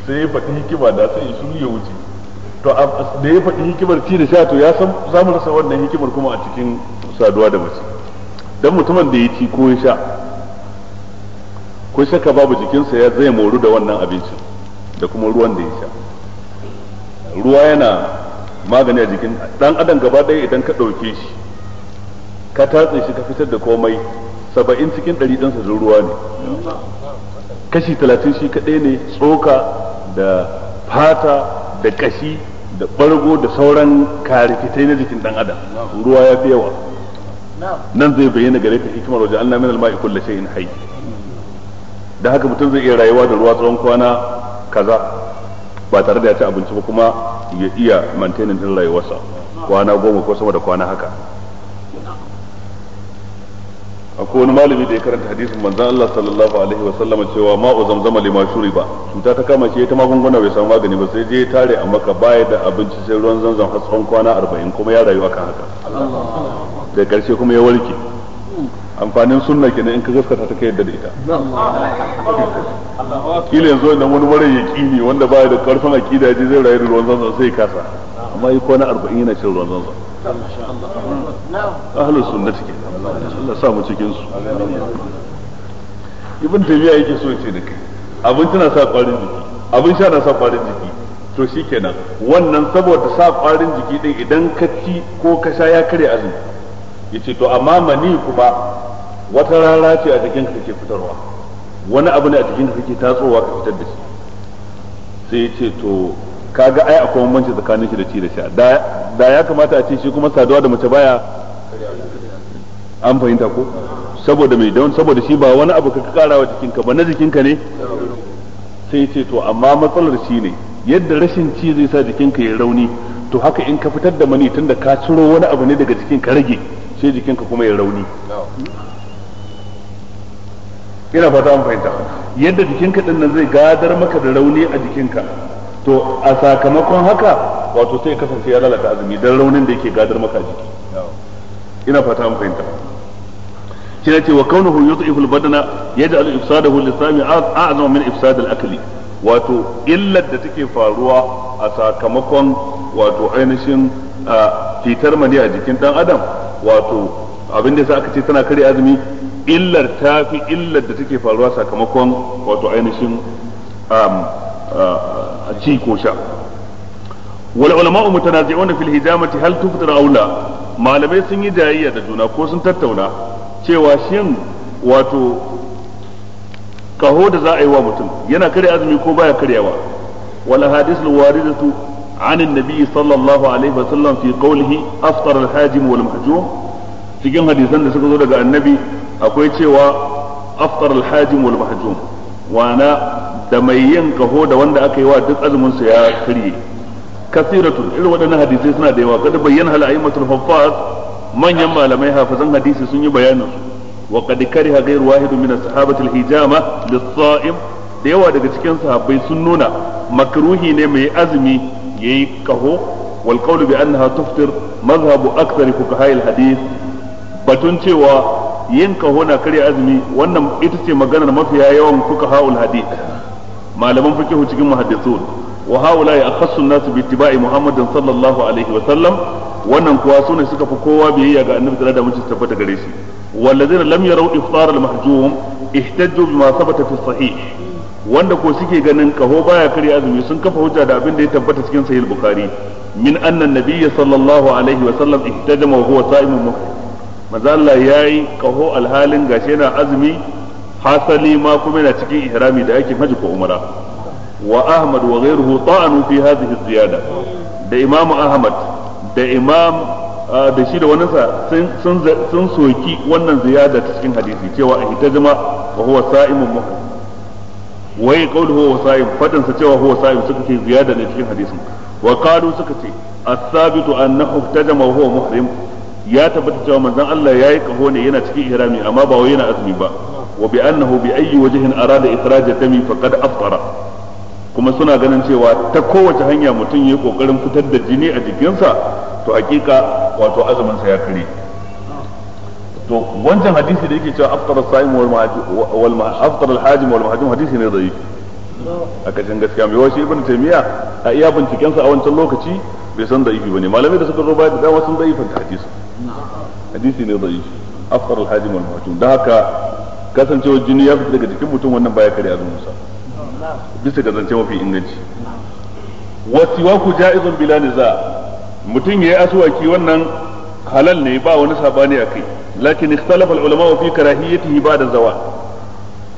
sai ya fata hikima da sai shi ya wuce to da ya faɗi hikimar ci da sha to ya san samu rasa wannan hikimar kuma a cikin saduwa da mace dan mutumin da ya ci ko ya sha ko shaka babu jikinsa ya zai moru da wannan abincin da kuma ruwan da ya sha ruwa yana magani a jikin dan adam gaba ɗaya idan ka ɗauke shi ka tatse shi ka fitar da komai saba'in cikin ɗari ɗansa da ruwa ne kashi talatin shi kaɗai ne tsoka da fata da kashi da bargo da sauran karifitai na jikin dan adam ruwa ya fi yawa nan zai bayyana gare ka hikimar wajen Allah min al-ma'i kullu shay'in hayy da haka mutum zai iya rayuwa da ruwa tsawon kwana kaza ba tare da ya ci abinci ba kuma ya iya maintaining din rayuwarsa kwana goma ko sama da kwana haka akwai wani malami da ya karanta hadisin manzon Allah sallallahu alaihi wa sallama cewa ma'u zamzama lima ba. cuta ta kama shi ta magunguna bai samu magani ba sai je ya tare a maka baya da abinci sai ruwan zanzan har tsawon kwana 40 kuma ya rayu akan haka da karshe kuma ya warke amfanin sunna kenan in ka gaskata ta yadda da ita kila yanzu idan wani mara yaqini wanda baya da karfin aqida je zai rayu da ruwan zanzan sai ya kasa amma yi kwana arba'in yana cin ruwan zanzan ahlus sunna take Allah sa mu cikin su ibn tabiya yake so ce da kai abin tana sa kwarin jiki abin sha na sa kwarin jiki to shi kenan wannan saboda sa kwarin jiki din idan ka ci ko ka sha ya karya azumi yace to amma mani kuma wata rara ce a jikin ka take fitarwa wani abu ne a jikin ka take tatsowa ka fitar da shi sai yace to kaga ai akwai bambanci tsakanin shi da ci da sha da ya kamata a ce shi kuma saduwa da mace baya an fahimta ko saboda mai don saboda shi ba wani abu ka karawa jikinka ba na jikinka ne sai ce to amma matsalar shi ne yadda rashin ci zai sa jikinka ya rauni to haka in ka fitar da mani tunda ka ciro wani abu ne daga jikinka ka rage sai jikinka kuma ya rauni ina fata an fahimta yadda jikinka din nan zai gadar maka da rauni a jikinka to a sakamakon haka wato sai kasance ya lalata azumi dan raunin da yake gadar maka jiki ina fata mun fahimta shi ne ce wa kaunuhu yudhifu al-badana yaj'alu ifsadahu lisami a'zama min ifsad al-akli wato illar da take faruwa a sakamakon wato ainihin fitar mani a jikin dan adam wato abin da aka ce tana kare azumi illar ta fi illar da take faruwa sakamakon wato ainihin ci ko sha wal ulama'u mutanazi'un fil hijamati hal tuftir aw malamai sun yi jayayya da juna ko sun tattauna cewa shin wato kaho da za a yi wa mutum yana karya azumi ko baya karyawa wal hadisul waridatu عن النبي صلى الله عليه وسلم في قوله أفطر الحاجم والمحجوم cikin hadisan da suka zo daga annabi akwai cewa aftar alhajim wal mahjum wana da mai yin kaho da wanda aka yi wa duk azumin sa ya karye kasiratun irin waɗannan hadisai suna da yawa kada bayyana hal faffas, manyan malamai hafizan hadisi sun yi bayanin su wa qad kariha ghayr wahid min hijama lis-sa'im da yawa daga cikin sahabbai sun nuna makruhi ne mai azumi yayi kaho wal qawlu bi annaha tuftir mazhabu akthar fuqaha'il hadith batun cewa yin kaho na karya azumi wannan ita ce maganar mafiya yawan fuka haul hadith malaman fikihu cikin muhaddisun wa haula ya akhassu nasu bi ittiba'i muhammadin sallallahu alaihi wa sallam wannan kuwa sune suka fi kowa biyayya ga annabi da alaihi wa sallam tabbata gare shi wallazina lam yarau iftar al mahjum ihtajju bima sabata fi sahih wanda ko suke ganin kaho baya karya azumi sun kafa hujja da abin da ya tabbata cikin sahih bukhari min anna nabiyya sallallahu alaihi wa sallam ihtajama wa huwa sa'imun manzo Allah yayi kaho alhalin gashi yana azumi hasali ma kuma yana cikin ihrami da aikin haji ko umara wa ahmad wa ghairuhu ta'anu fi hadhihi ziyada da imam ahmad da imam da shi da wani sa sun soki wannan ziyada ta cikin hadisi cewa a hitajma wa huwa sa'imun muhrim wai qawluhu huwa sa'im fadan sa cewa huwa sa'im suka ce ziyada ne cikin hadisin wa qalu suka ce as-sabitu annahu ihtajama wa huwa muhrim ya tabbata cewa manzon Allah yayi kaho ne yana cikin ihrami amma ba wai yana azumi ba wa bi annahu bi ayyi wajhin arada ikhraj dami faqad afṭara kuma suna ganin cewa ta kowace hanya mutum yayi kokarin fitar da jini a jikinsa to hakika wato azumin sa ya kare to wancan hadisi da yake cewa afṭara as-sa'im wal mahajim wal mahajim hadisi ne dhaifi a kashin gaskiya mai wasu ibn taymiya a iya bincikensa a wancan lokaci bai san da'ifi ne malamai da suka zo baya da dama sun da'ifan ta hadisi hadisi ne zai da'ifi afkar alhaji hadim al-mahtum da haka kasancewa jini ya fita daga jikin mutum wannan baya kare azumin sa bisa ga zance mafi inganci ku ja'izun bila niza mutum ya yi aswaki wannan halal ne ba wani sabani akai lakin ikhtalafa al-ulama fi karahiyatihi da zawa.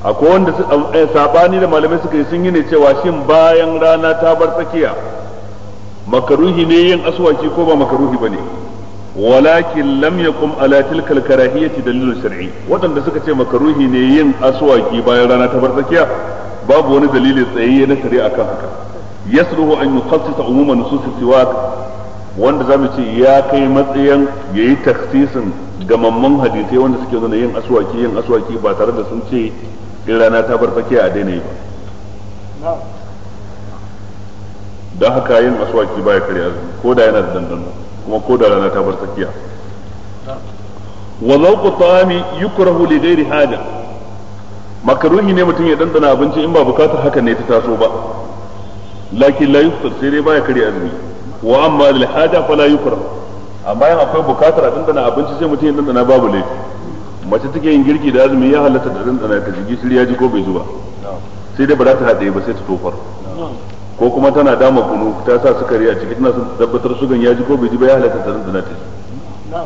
akwai wanda eh, eh, sabani da malamai suka yi sun yi ne cewa shin bayan rana ta bar tsakiya makaruhi ne yin aswaki ko ba makaruhi ne walakin lam yakum ala tilkal karahiyati dalilin shar'i wadanda suka ce makaruhi ne yin aswaki bayan rana ta bar tsakiya babu wani dalili tsayayye na shari'a kan haka yasluhu an yukhassisa umuma nusus siwak wanda zamu ce ya kai matsayin yayi taksisin gamamman hadisai wanda suke nuna yin aswaki yin aswaki ba tare da sun ce in rana ta bar tsakiya a daina yi ba don haka yin aswaki baya kare azumi ko da yana da dandano kuma ko da rana ta bar tsakiya wa zawqu ta'ami yukrahu li ghairi haja makaruhi ne mutum ya dandana abinci in ba bukatar haka ne ta taso ba lakin la yuftar sai dai baya kare azumi wa amma lil haja fala yukrah amma in akwai bukatar a dandana abinci sai mutum ya dandana babu laifi mace take yin girki da azumi ya halatta da dindana ta jigi shirya ji ko bai zuba sai dai ba za ta haɗe ba sai ta tofar ko kuma tana dama kunu ta sa sukari a ciki tana son tabbatar sugan ya ji ko bai ji ba ya halatta da dindana ta ji.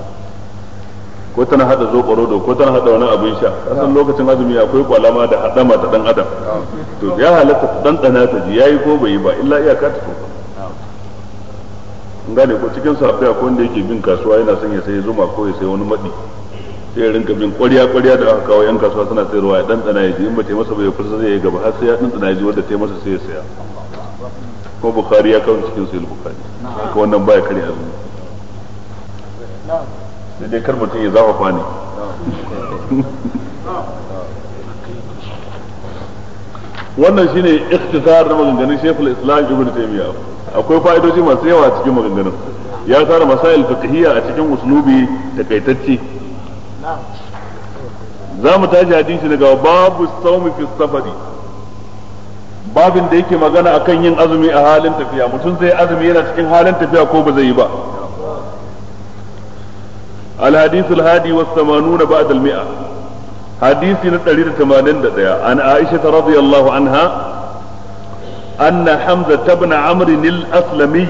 ko tana hada zokoro da ko tana hada wani abin sha kasan lokacin azumi akwai kwalama da hadama ta dan adam to ya halatta dan dandana ta ji yayi ko bai yi ba illa iyaka ta tofar gane ko cikin safiya ko wanda yake bin kasuwa yana son ya sai zuma ko ya sai wani maɗi sai ya rinka bin ƙwarya ƙwarya da aka kawo yan kasuwa suna sayarwa ya ɗanɗana ya ji in ba taimasa masa bai kusa zai yi gaba har sai ya ɗanɗana ya ji wanda taimasa masa sai ya saya kuma bukari ya kawo cikin sayar bukari haka wannan baya kare zuwa sai dai kar mutum ya zafafa ne wannan shine ikhtisar na maganganun shekul Islam Ibn Taymiyyah akwai fa'idoji masu yawa a cikin maganganun ya tsara masail fiqhiyya a cikin uslubi takaitacce za mu tashi hadisi shi daga babu saumi fi safari babin da yake magana akan yin azumi a halin tafiya mutum zai azumi yana cikin halin tafiya ko ba zai yi ba الحديث الهادي والثمانون بعد المئة حديث نتري الثمانين عن عائشة رضي الله عنها أن حمزة بن عمرو الأسلمي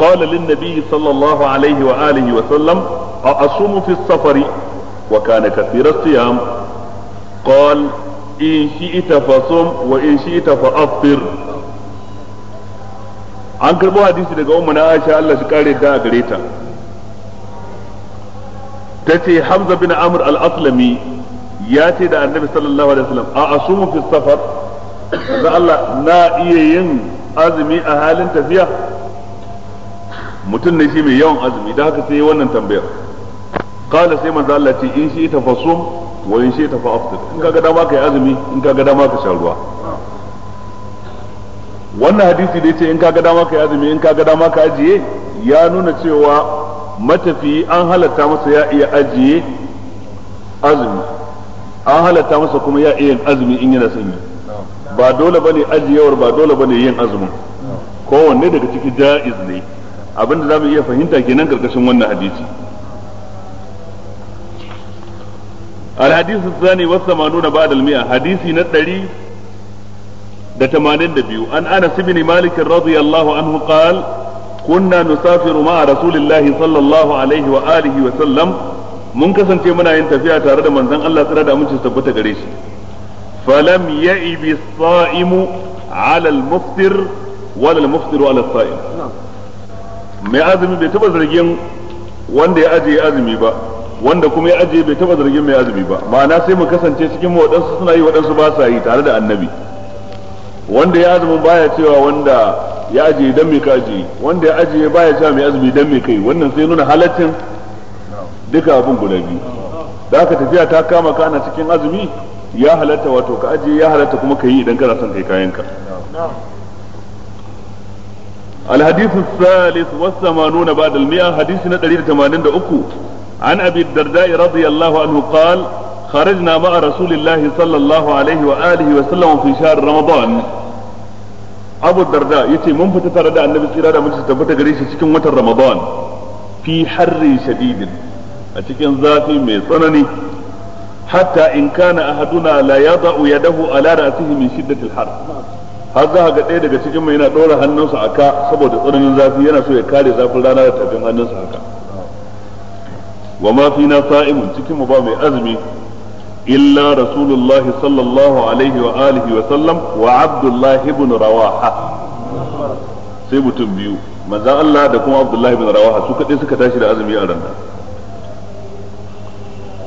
قال للنبي صلى الله عليه وآله وسلم أصوم في السفر وكان كثير الصيام قال إن شئت فصم وإن شئت فأفطر an karɓo hadisi daga umma na Aisha Allah shi kare da gare ta tace Hamza bin Amr al-Aslami ya ce da Annabi sallallahu alaihi wasallam a asumu fi safar da Allah na iya yin azumi a halin tafiya mutum ne shi mai yawan azumi da haka sai wannan tambayar qala sai manzo Allah ce in shi ta fasum wa in shi ta fa aftir in ga dama kai azumi in ka ga dama ka sharuwa wannan hadisi da yace in ka ga dama kai azumi in ka ga dama ka ajiye ya nuna cewa matafi an halatta masa ya iya ajiye azumi an halatta masa kuma ya iya azumi in yana son ba dole bane ajiyewar ba dole bane yin azumin kowanne daga ciki ja'iz ne abinda zamu iya fahimta kenan karkashin wannan hadisi الحديث الثاني والثمانون بعد المئة حديث نتري دتمانين دبيو أن أنس بن مالك رضي الله عنه قال كنا نسافر مع رسول الله صلى الله عليه وآله وسلم mun kasance muna yin tafiya tare da manzon Allah tsira da aminci tabbata gare shi falam ya'ibi sa'imu ala al-muftir wala al-muftiru azumi bai taɓa zargin wanda ya ajiye azumi ba wanda kuma ya ajiye bai taba zargin mai azumi ba ma'ana sai mu kasance cikin mu waɗansu suna yi waɗansu ba sa yi tare da annabi wanda ya azumi baya cewa wanda ya ajiye dan mai kaji wanda ya ajiye baya cewa mai azumi dan mai kai wannan sai nuna halaccin duka abin guda biyu da aka tafiya ta kama ka ana cikin azumi ya halatta wato ka ajiye ya halatta kuma ka yi idan kana son kai kayanka الحديث الثالث والثمانون بعد المئة حديث ندري 83 عن أبي الدرداء رضي الله عنه قال خرجنا مع رسول الله صلى الله عليه وآله وسلم في شهر رمضان أبو الدرداء يتي من فتتر دا النبي صلى الله عليه وسلم تغريش شكم وتر رمضان في حر شديد أشكين ذاتي ميصنني حتى إن كان أحدنا لا يضع يده على رأسه من شدة الحر har za ga ɗaya daga cikin mai yana ɗora hannunsa a ka saboda tsananin zafi yana so ya kare zafin rana da tafin hannunsa haka wa ma fi na sa'imun cikin mu ba mai azumi illa rasulullah sallallahu alaihi wa alihi wa sallam wa abdullah ibn rawaha sai mutum biyu manzan Allah da kuma abdullah ibn rawaha su kadai suka tashi da azumi a ranar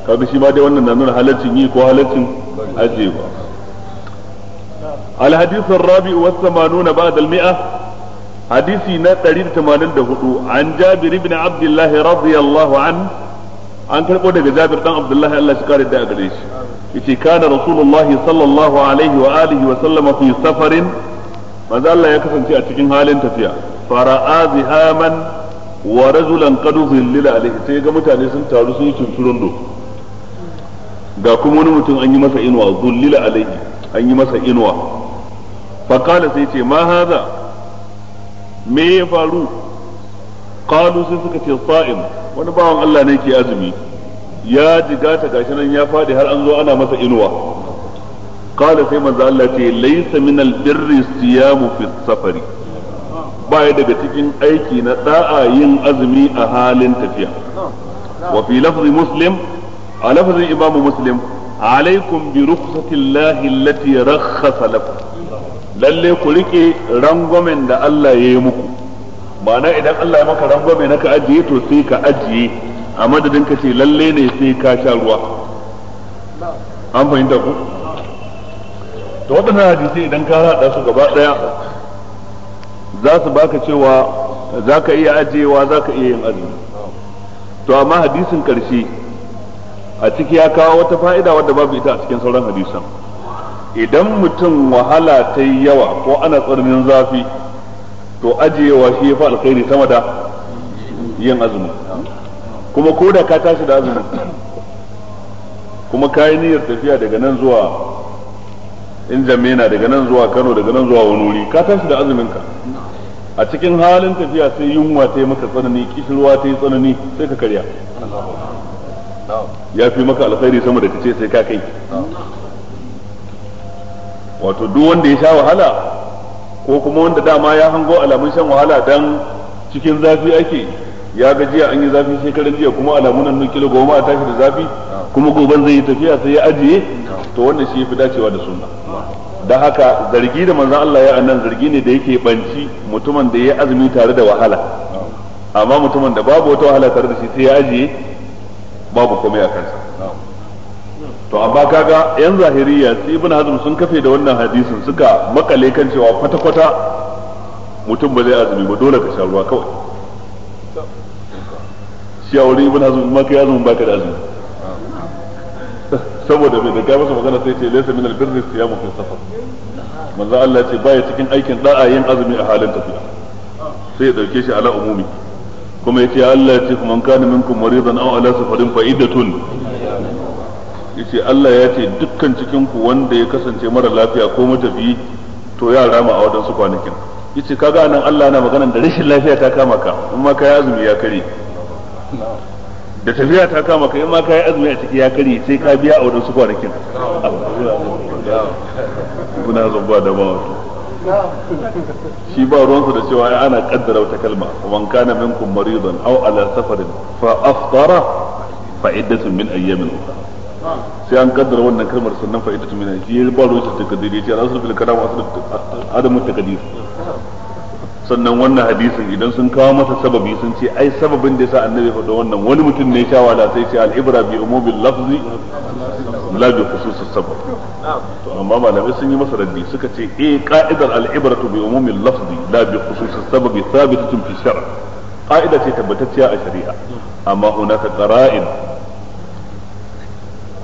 kaga shi ma dai wannan na nuna halaccin yi ko halaccin ajewa الحديث الرابع والثمانون بعد المئة حديثي نتريد ثمانين عن جابر بن عبد الله رضي الله عنه an karbo daga Jabir dan Abdullahi Allah shi kare da gare shi yace kana Rasulullah sallallahu alaihi wa alihi wa sallama fi safarin manzo Allah ya kasance a cikin halin tafiya fara'a zihaman wa rajulan qad zillila alaihi sai ga mutane sun taru sun yi tunturundo ga kuma wani mutum an yi masa inuwa zullila alaihi an yi masa inuwa faqala sai ce ma haza me ya faru qalu sai suka ce sa'im wani bawan Allah ne ke azumi ya jigata gashi nan ya fadi har an zo ana masa inuwa qala sai manzo Allah ce laysa min albirri siyamu fi safari baya daga cikin aiki na da'a yin azumi a halin tafiya wa fi lafzi muslim a lafzin imamu muslim alaikum bi rukhsatillahi allati rakhasa lakum lalle ku rike rangwamen da Allah ya yi muku ma'ana idan Allah ya maka rangwame na ka ajiye to sai ka ajiye a madadin ka ce lalle ne sai ka sha ruwa an fahimta ku to waɗannan hadisi idan ka haɗa su gaba ɗaya za su baka cewa za ka iya ajiyewa za ka iya yin azumi to amma hadisin ƙarshe a ciki ya kawo wata fa'ida wadda babu ita a cikin sauran hadisan idan mutum wahala ta yawa ko ana tsananin zafi to ajiyewa shi ya fi alkhairi sama da yin azumi kuma ko da ka tashi da azumi kuma ka yi niyyar tafiya daga nan zuwa in jamina daga nan zuwa kano daga nan zuwa wani wuri ka tashi da azuminka a cikin halin tafiya sai yunwa ta yi maka tsanani kishirwa ta yi tsanani sai ka karya ya fi maka alkhairi sama da kace sai ka kai wato duk wanda ya sha wahala ko kuma wanda dama ya hango alamun shan wahala dan cikin zafi ake ya ga an yi zafi shekaran jiya kuma alamun nan kilo goma a tashi da zafi kuma goban zai yi tafiya sai ya ajiye to wannan shi yafi dacewa da sunna da haka zargi da manzon Allah ya annan zargi ne da yake banci mutumin da ya azumi tare da wahala amma mutumin da babu wata wahala tare da shi sai ya ajiye babu komai a kansa to amma kaga yan zahiriya su ibn hazm sun kafe da wannan hadisin suka makale kan cewa kwata kwata mutum ba zai azumi ba dole ka sha ruwa kawai shi a wurin ibn hazm ma kai azumin baka da azumi saboda bai da gaba magana sai ce laysa min albirri siyamu fi safar manzo Allah ce baya cikin aikin da'a yin azumi a halin tafiya sai ya dauke shi ala umumi kuma yace Allah ya ce man kana minkum maridan aw ala safarin fa iddatun yace Allah ya ce dukkan cikin ku wanda ya kasance mara lafiya ko matafiyi to ya rama a wadansu kwanakin yace kaga nan Allah yana magana da rashin lafiya ta kama ka in ma kai azumi ya kare da tafiya ta kama ka in ma kai azumi a ciki ya kare sai ka biya a wadansu kwanakin guna zamba da ba shi ba ruwansa da cewa ana kaddara wata kalma man kana minkum maridan aw ala safarin fa aftara fa iddatun min ayyamin ukhra sai an kaddara wannan kalmar sannan fa'ida ta mina shi ya ba ruwan shi takaddir ya ce rasul bil kalam asal adamu takaddir sannan wannan hadisin idan sun kawo masa sababi sun ce ai sababin da yasa annabi faɗa wannan wani mutum ne ya wala sai ce al-ibra bi umubil lafzi la bi khususis sabab to amma malamai sun yi masa raddi suka ce eh qa'idar al-ibratu bi umumil lafzi la bi khususis sabab thabitatun fi shara qa'ida ce tabbatacciya a shari'a amma hunaka qara'in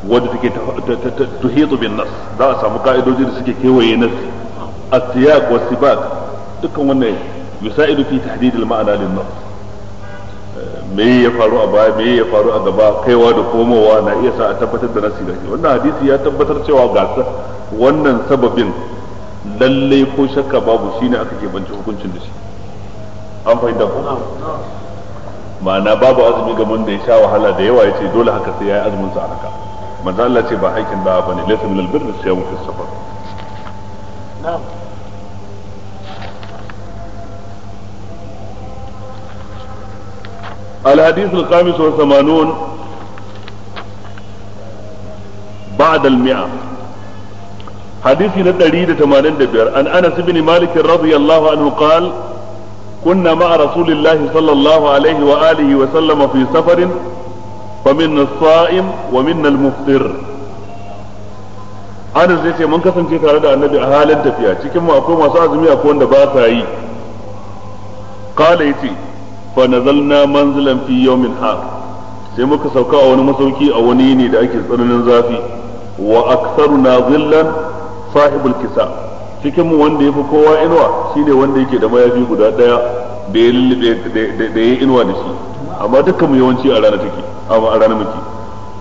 wadda take tuhitu bin nas za a samu ka'idoji da suke kewaye nas as-siyaq wa sibaq dukkan wannan yusaidu fi tahdid al ma'ana lin nas eh, me ya faru a baya me ya faru a gaba kaiwa da komowa na iya sa a tabbatar da nasi gashi wannan hadisi ya tabbatar cewa ga wannan sababin lallai ko shakka babu shine aka ke banci hukuncin da shi an fahimta ko ma'ana babu azumi ga mun da ya sha wahala da yawa yace dole haka sai yayi azumin sa a haka manzo Allah ce ba aikin da'a bane laysa min albirri siyam fi safar na'am الحديث الخامس والثمانون بعد المئة حديث نتريد تمانين دبير عن أنس بن مالك رضي الله عنه قال كنا مع رسول الله صلى الله عليه وآله وسلم في سفر faminna sa'im wa minna muftir Anas ya ce mun kasance tare da annabi a halin tafiya cikin mu masu azumi akwai wanda yi qala yace fa nazalna manzilan fi yawmin sai muka sauka a wani masauki a wani ne da ake tsananin zafi wa na zillan sahibul kisa Cikinmu mu wanda yafi kowa inuwa shine wanda yake da mayafi guda ɗaya da ya lullube da ya inuwa da shi amma dukkan mu yawanci a rana take a ranar miki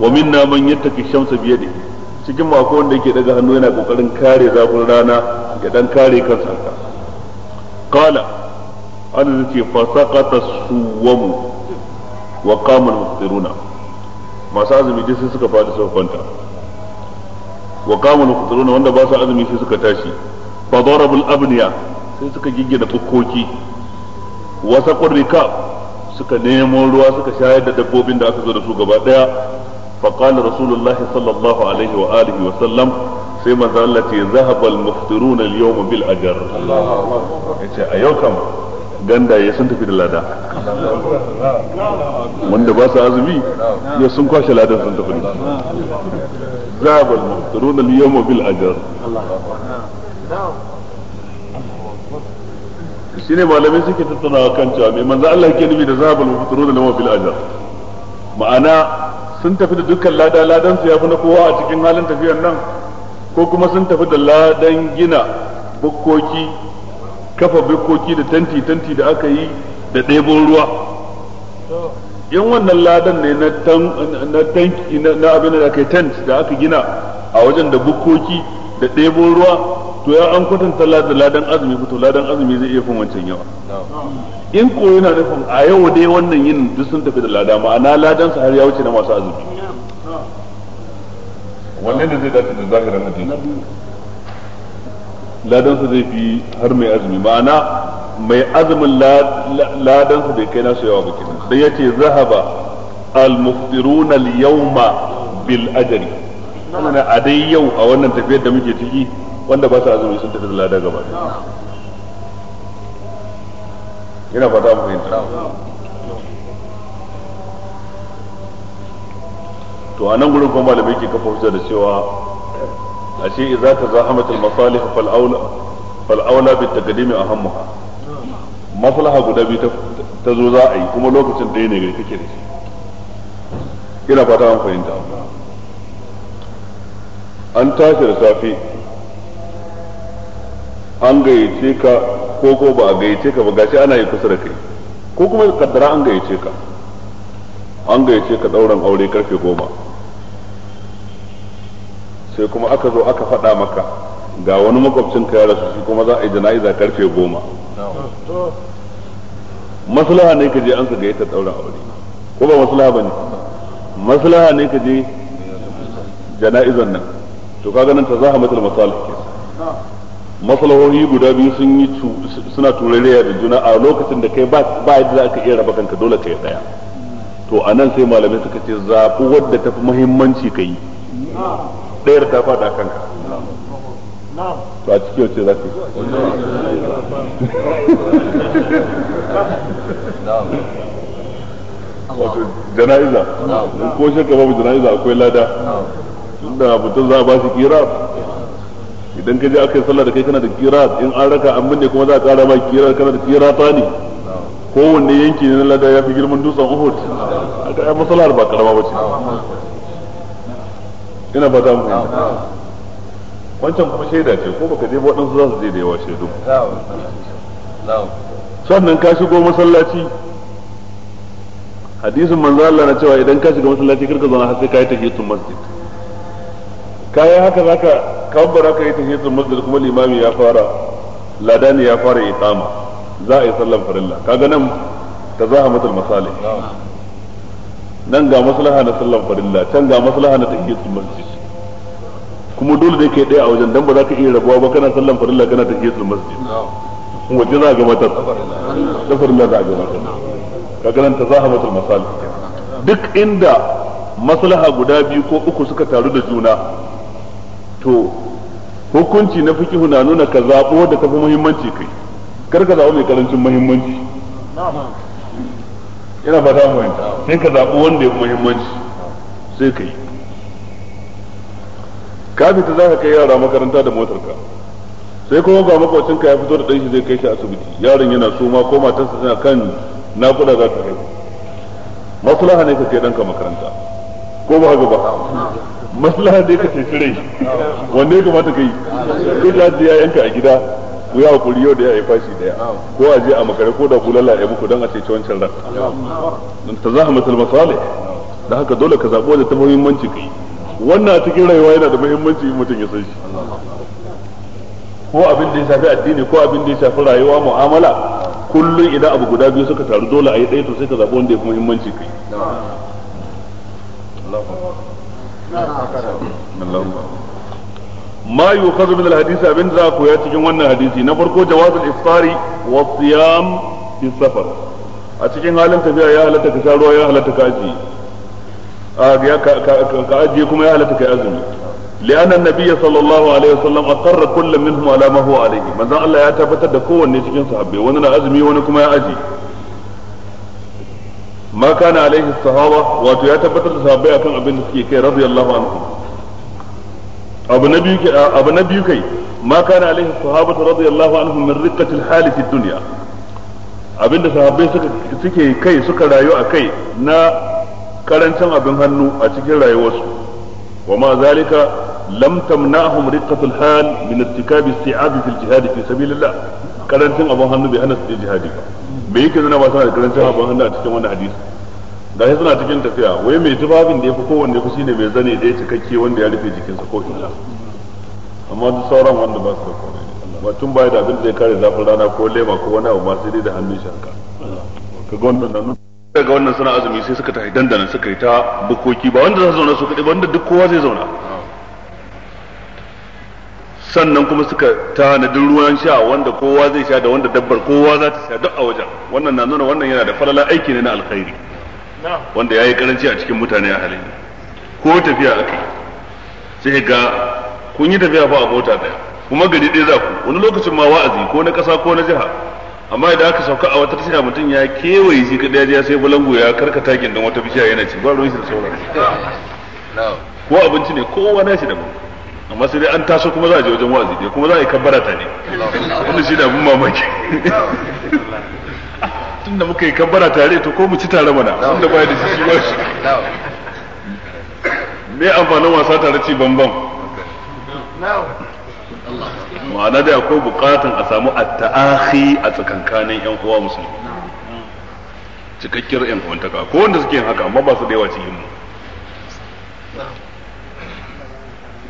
wa na man ke shamsa biye da cikin mako wanda yake daga hannu yana kokarin kare zafin rana ya dan kare kansa haka kala an ce fa suwamu wa qama al masu azumi dai sai suka fadi suka kwanta wa qama al wanda ba su azumi sai suka tashi fa abniya sai suka giggina bukkoki wa saqur suka nemo ruwa suka shayar da dabbobin da aka zo da su gaba daya fa qala rasulullahi sallallahu alaihi wa alihi wa sallam sai manzo Allah ce zahaba al-muftiruna al-yawma bil ajr yace a yau kam gandaye sun tafi da lada wanda ba su azumi ya sun kwashe ladan sun tafi zahaba al-muftiruna al-yawma bil ajr shine malamai suke tattauna kan cewa mai manzo Allah yake nufi da zahabul da lawa fil ajr ma'ana sun tafi da dukkan lada ladansu su yafi na kowa a cikin halin tafiyar nan ko kuma sun tafi da ladan gina bukkoki kafa bukkoki da tanti tanti da aka yi da ɗebon ruwa Yan wannan ladan ne na tanki na abin da aka yi tent da aka gina a wajen da bukkoki da ɗebon ruwa to ya an kwatanta ladan azumi fito ladan azumi zai iya fin wancan yawa in ko yana nufin a yau dai wannan yin duk sun tafi da lada ma'ana ladan sa har ya wuce na masu azumi wanne ne zai dace da zahirin hadisi ladan sa zai fi har mai azumi ma'ana mai azumin ladan sa bai kai nasu yawa ba kenan sai yace zahaba al-muftiruna al-yawma bil ajri a dai yau a wannan tafiyar da muke ciki wanda ba su azumi sun tafi da lada gaba ina fata mu fahimta to a nan gurin kuma malamai ke kafa hujja da cewa a ashe idza tazahamat al masalih fal aula fal aula bit taqdim ahammuha maslaha guda biyu ta zo za a yi kuma lokacin da ne kake da shi ina fata mu fahimta an tashi da safe an gayyace ka ko ko ba a gayyace ka ba gashi ana yi kusa da kai ko kuma kaddara an gayyace ka an gayyace ka dauran aure karfe goma sai kuma aka zo aka faɗa maka ga wani ka ya rasu shi kuma za a yi jana'iza karfe goma maslaha ne ka je an ka gayyata dauran aure ko ba maslaha ba ne maslaha ne ka je jana'izan nan to kaga nan ta zaha matal masalih kenan maslahohi guda biyu sun yi suna turariya da juna a lokacin da kai ba yadda za ka iya raba kanka dole ka yi daya to a nan sai malamai suka ce zaɓi wadda ta fi muhimmanci ka yi ɗayar ta faɗa kanka to a cikin wace za ka yi wato jana'iza ko shakka babu jana'iza akwai lada tunda mutum za a ba su kira idan ka je aka yi sallah da kai kana da kira in an raka an binne kuma za a kara ma kira kana da kira ta ne kowanne yanki ne na lada ya fi girman dutsen uhud aka yi masalar ba karama ba ce ina ba ta mu wancan kuma shaida ce ko baka je waɗansu za su je da yawa shaidu sannan ka shigo masallaci hadisin manzo Allah na cewa idan ka shiga masallaci karka zauna har sai ka yi tahiyatul masjid kayan haka zaka kabbara ka yi ta tahiyatul masjid kuma limami ya fara ladani ya fara tsama za a yi sallan farilla kaga nan tazahamatul misali nan ga maslaha na sallan farilla can ga maslaha na ta tahiyatul masjid kuma dole ne ke daya a wajen dan ba za ka iya rabuwa ba kana sallan farilla kana tahiyatul masjid waje za a gabatar da farilla za a ta kaga nan tazahamatul masalih duk inda maslaha guda biyu ko uku suka taru da juna to hukunci na fiki na nuna ka zaɓo da tafi muhimmanci kai kar ka zaɓo mai karancin muhimmanci ina ba ta fahimta sai ka zaɓo wanda ya fi muhimmanci sai kai ka fita za ka kai yara makaranta da motar ka sai kuma ga makwacinka ya fito da ɗan shi zai kai shi asibiti yaron yana suma ko matarsa tana kan nakuda za ta haihu maslaha ne ka kai ɗanka makaranta ko ba haka ba maslaha dai ka ceci rai wanne mata kai illa da ya yanka a gida ku ya hakuri yau da ya haifa shi daya ko a je a makare ko da bulala ya muku don a ce wancan ran ta za a masal masalih da haka dole ka zabo wanda ta muhimmanci kai wannan a cikin rayuwa yana da muhimmanci mutum ya san shi ko abin da ya shafi addini ko abin da ya shafi rayuwa mu'amala kullum idan abu guda biyu suka taru dole a yi ɗaya to sai ka zaɓi wanda ya fi muhimmanci kai ma yukhadhu min al-hadith abin da ku cikin wannan hadisi na farko jawazul iftari wa siyam fi a cikin halin tafiya ya halatta ka sha ruwa ya halatta ka aji ka aji kuma ya halatta ka azumi لأن النبي صلى الله عليه وسلم أقر كل منهم على ما هو عليه من ذا الله يتبتد كون نشكين صحابي وننا أزمي ونكما أجي ma kana alaihi wato ya tabbatar da sahabbai akan abin da suke kai radiyallahu anhu abu na biyu abu na biyu kai ma kana alaihi sahaba radiyallahu anhum min riqqatil hali fid dunya abinda sahabbai suka suke kai suka rayu a kai na karancin abin hannu a cikin rayuwarsu wa zalika lam tamna'hum riqqatul hal min ittikabi isti'ab fil jihad fi sabilillah karantin abun hannu bai hana su jihadi ba me yake zana ba sana da karantin abun hannu a cikin wannan hadisi gashi suna cikin tafiya wai mai tufafin da ya fi kowanne ku shine mai zane da ya cikakke wanda ya rufe jikinsa ko ina amma duk sauran wanda ba su da ba tun baya da abin da zai kare zafin rana ko lema ko wani abu masu dai da hannun shi haka ga wannan nan daga wannan suna azumi sai suka tafi dandana suka yi ta bukoki ba wanda za su zauna su kaɗai ba wanda duk kowa zai zauna sannan kuma suka tanadi ruwan sha wanda kowa zai sha da wanda dabbar kowa za ta sha duk a wajen wannan na nuna wannan yana da falala aiki ne na alkhairi wanda ya yi karanci a cikin mutane a halin ko tafiya aka sai ga kun yi tafiya fa a mota daya kuma gari ɗaya za ku wani lokacin ma wa'azi ko na ƙasa ko na jiha amma idan aka sauka a wata tashiya mutum ya kewaye shi kaɗaya ya sai bulangu ya karkata gindin wata bishiya yana ci ba ruwan shi da sauran ko abinci ne kowa na shi daban amma sai dai an taso kuma za a je wajen wa'azi dai kuma za a yi kabbara ta ne wanda shi da abun mamaki tunda muka yi kabbara tare to ko mu ci tare mana wanda baya da shi ba shi me amfanin wasa tare ci bambam ma'ana da akwai bukatun a samu at-ta'akhi a tsakankanin yan uwa musulmi cikakkiyar yan kwantaka ko wanda suke yin haka amma ba su da yawa cikin mu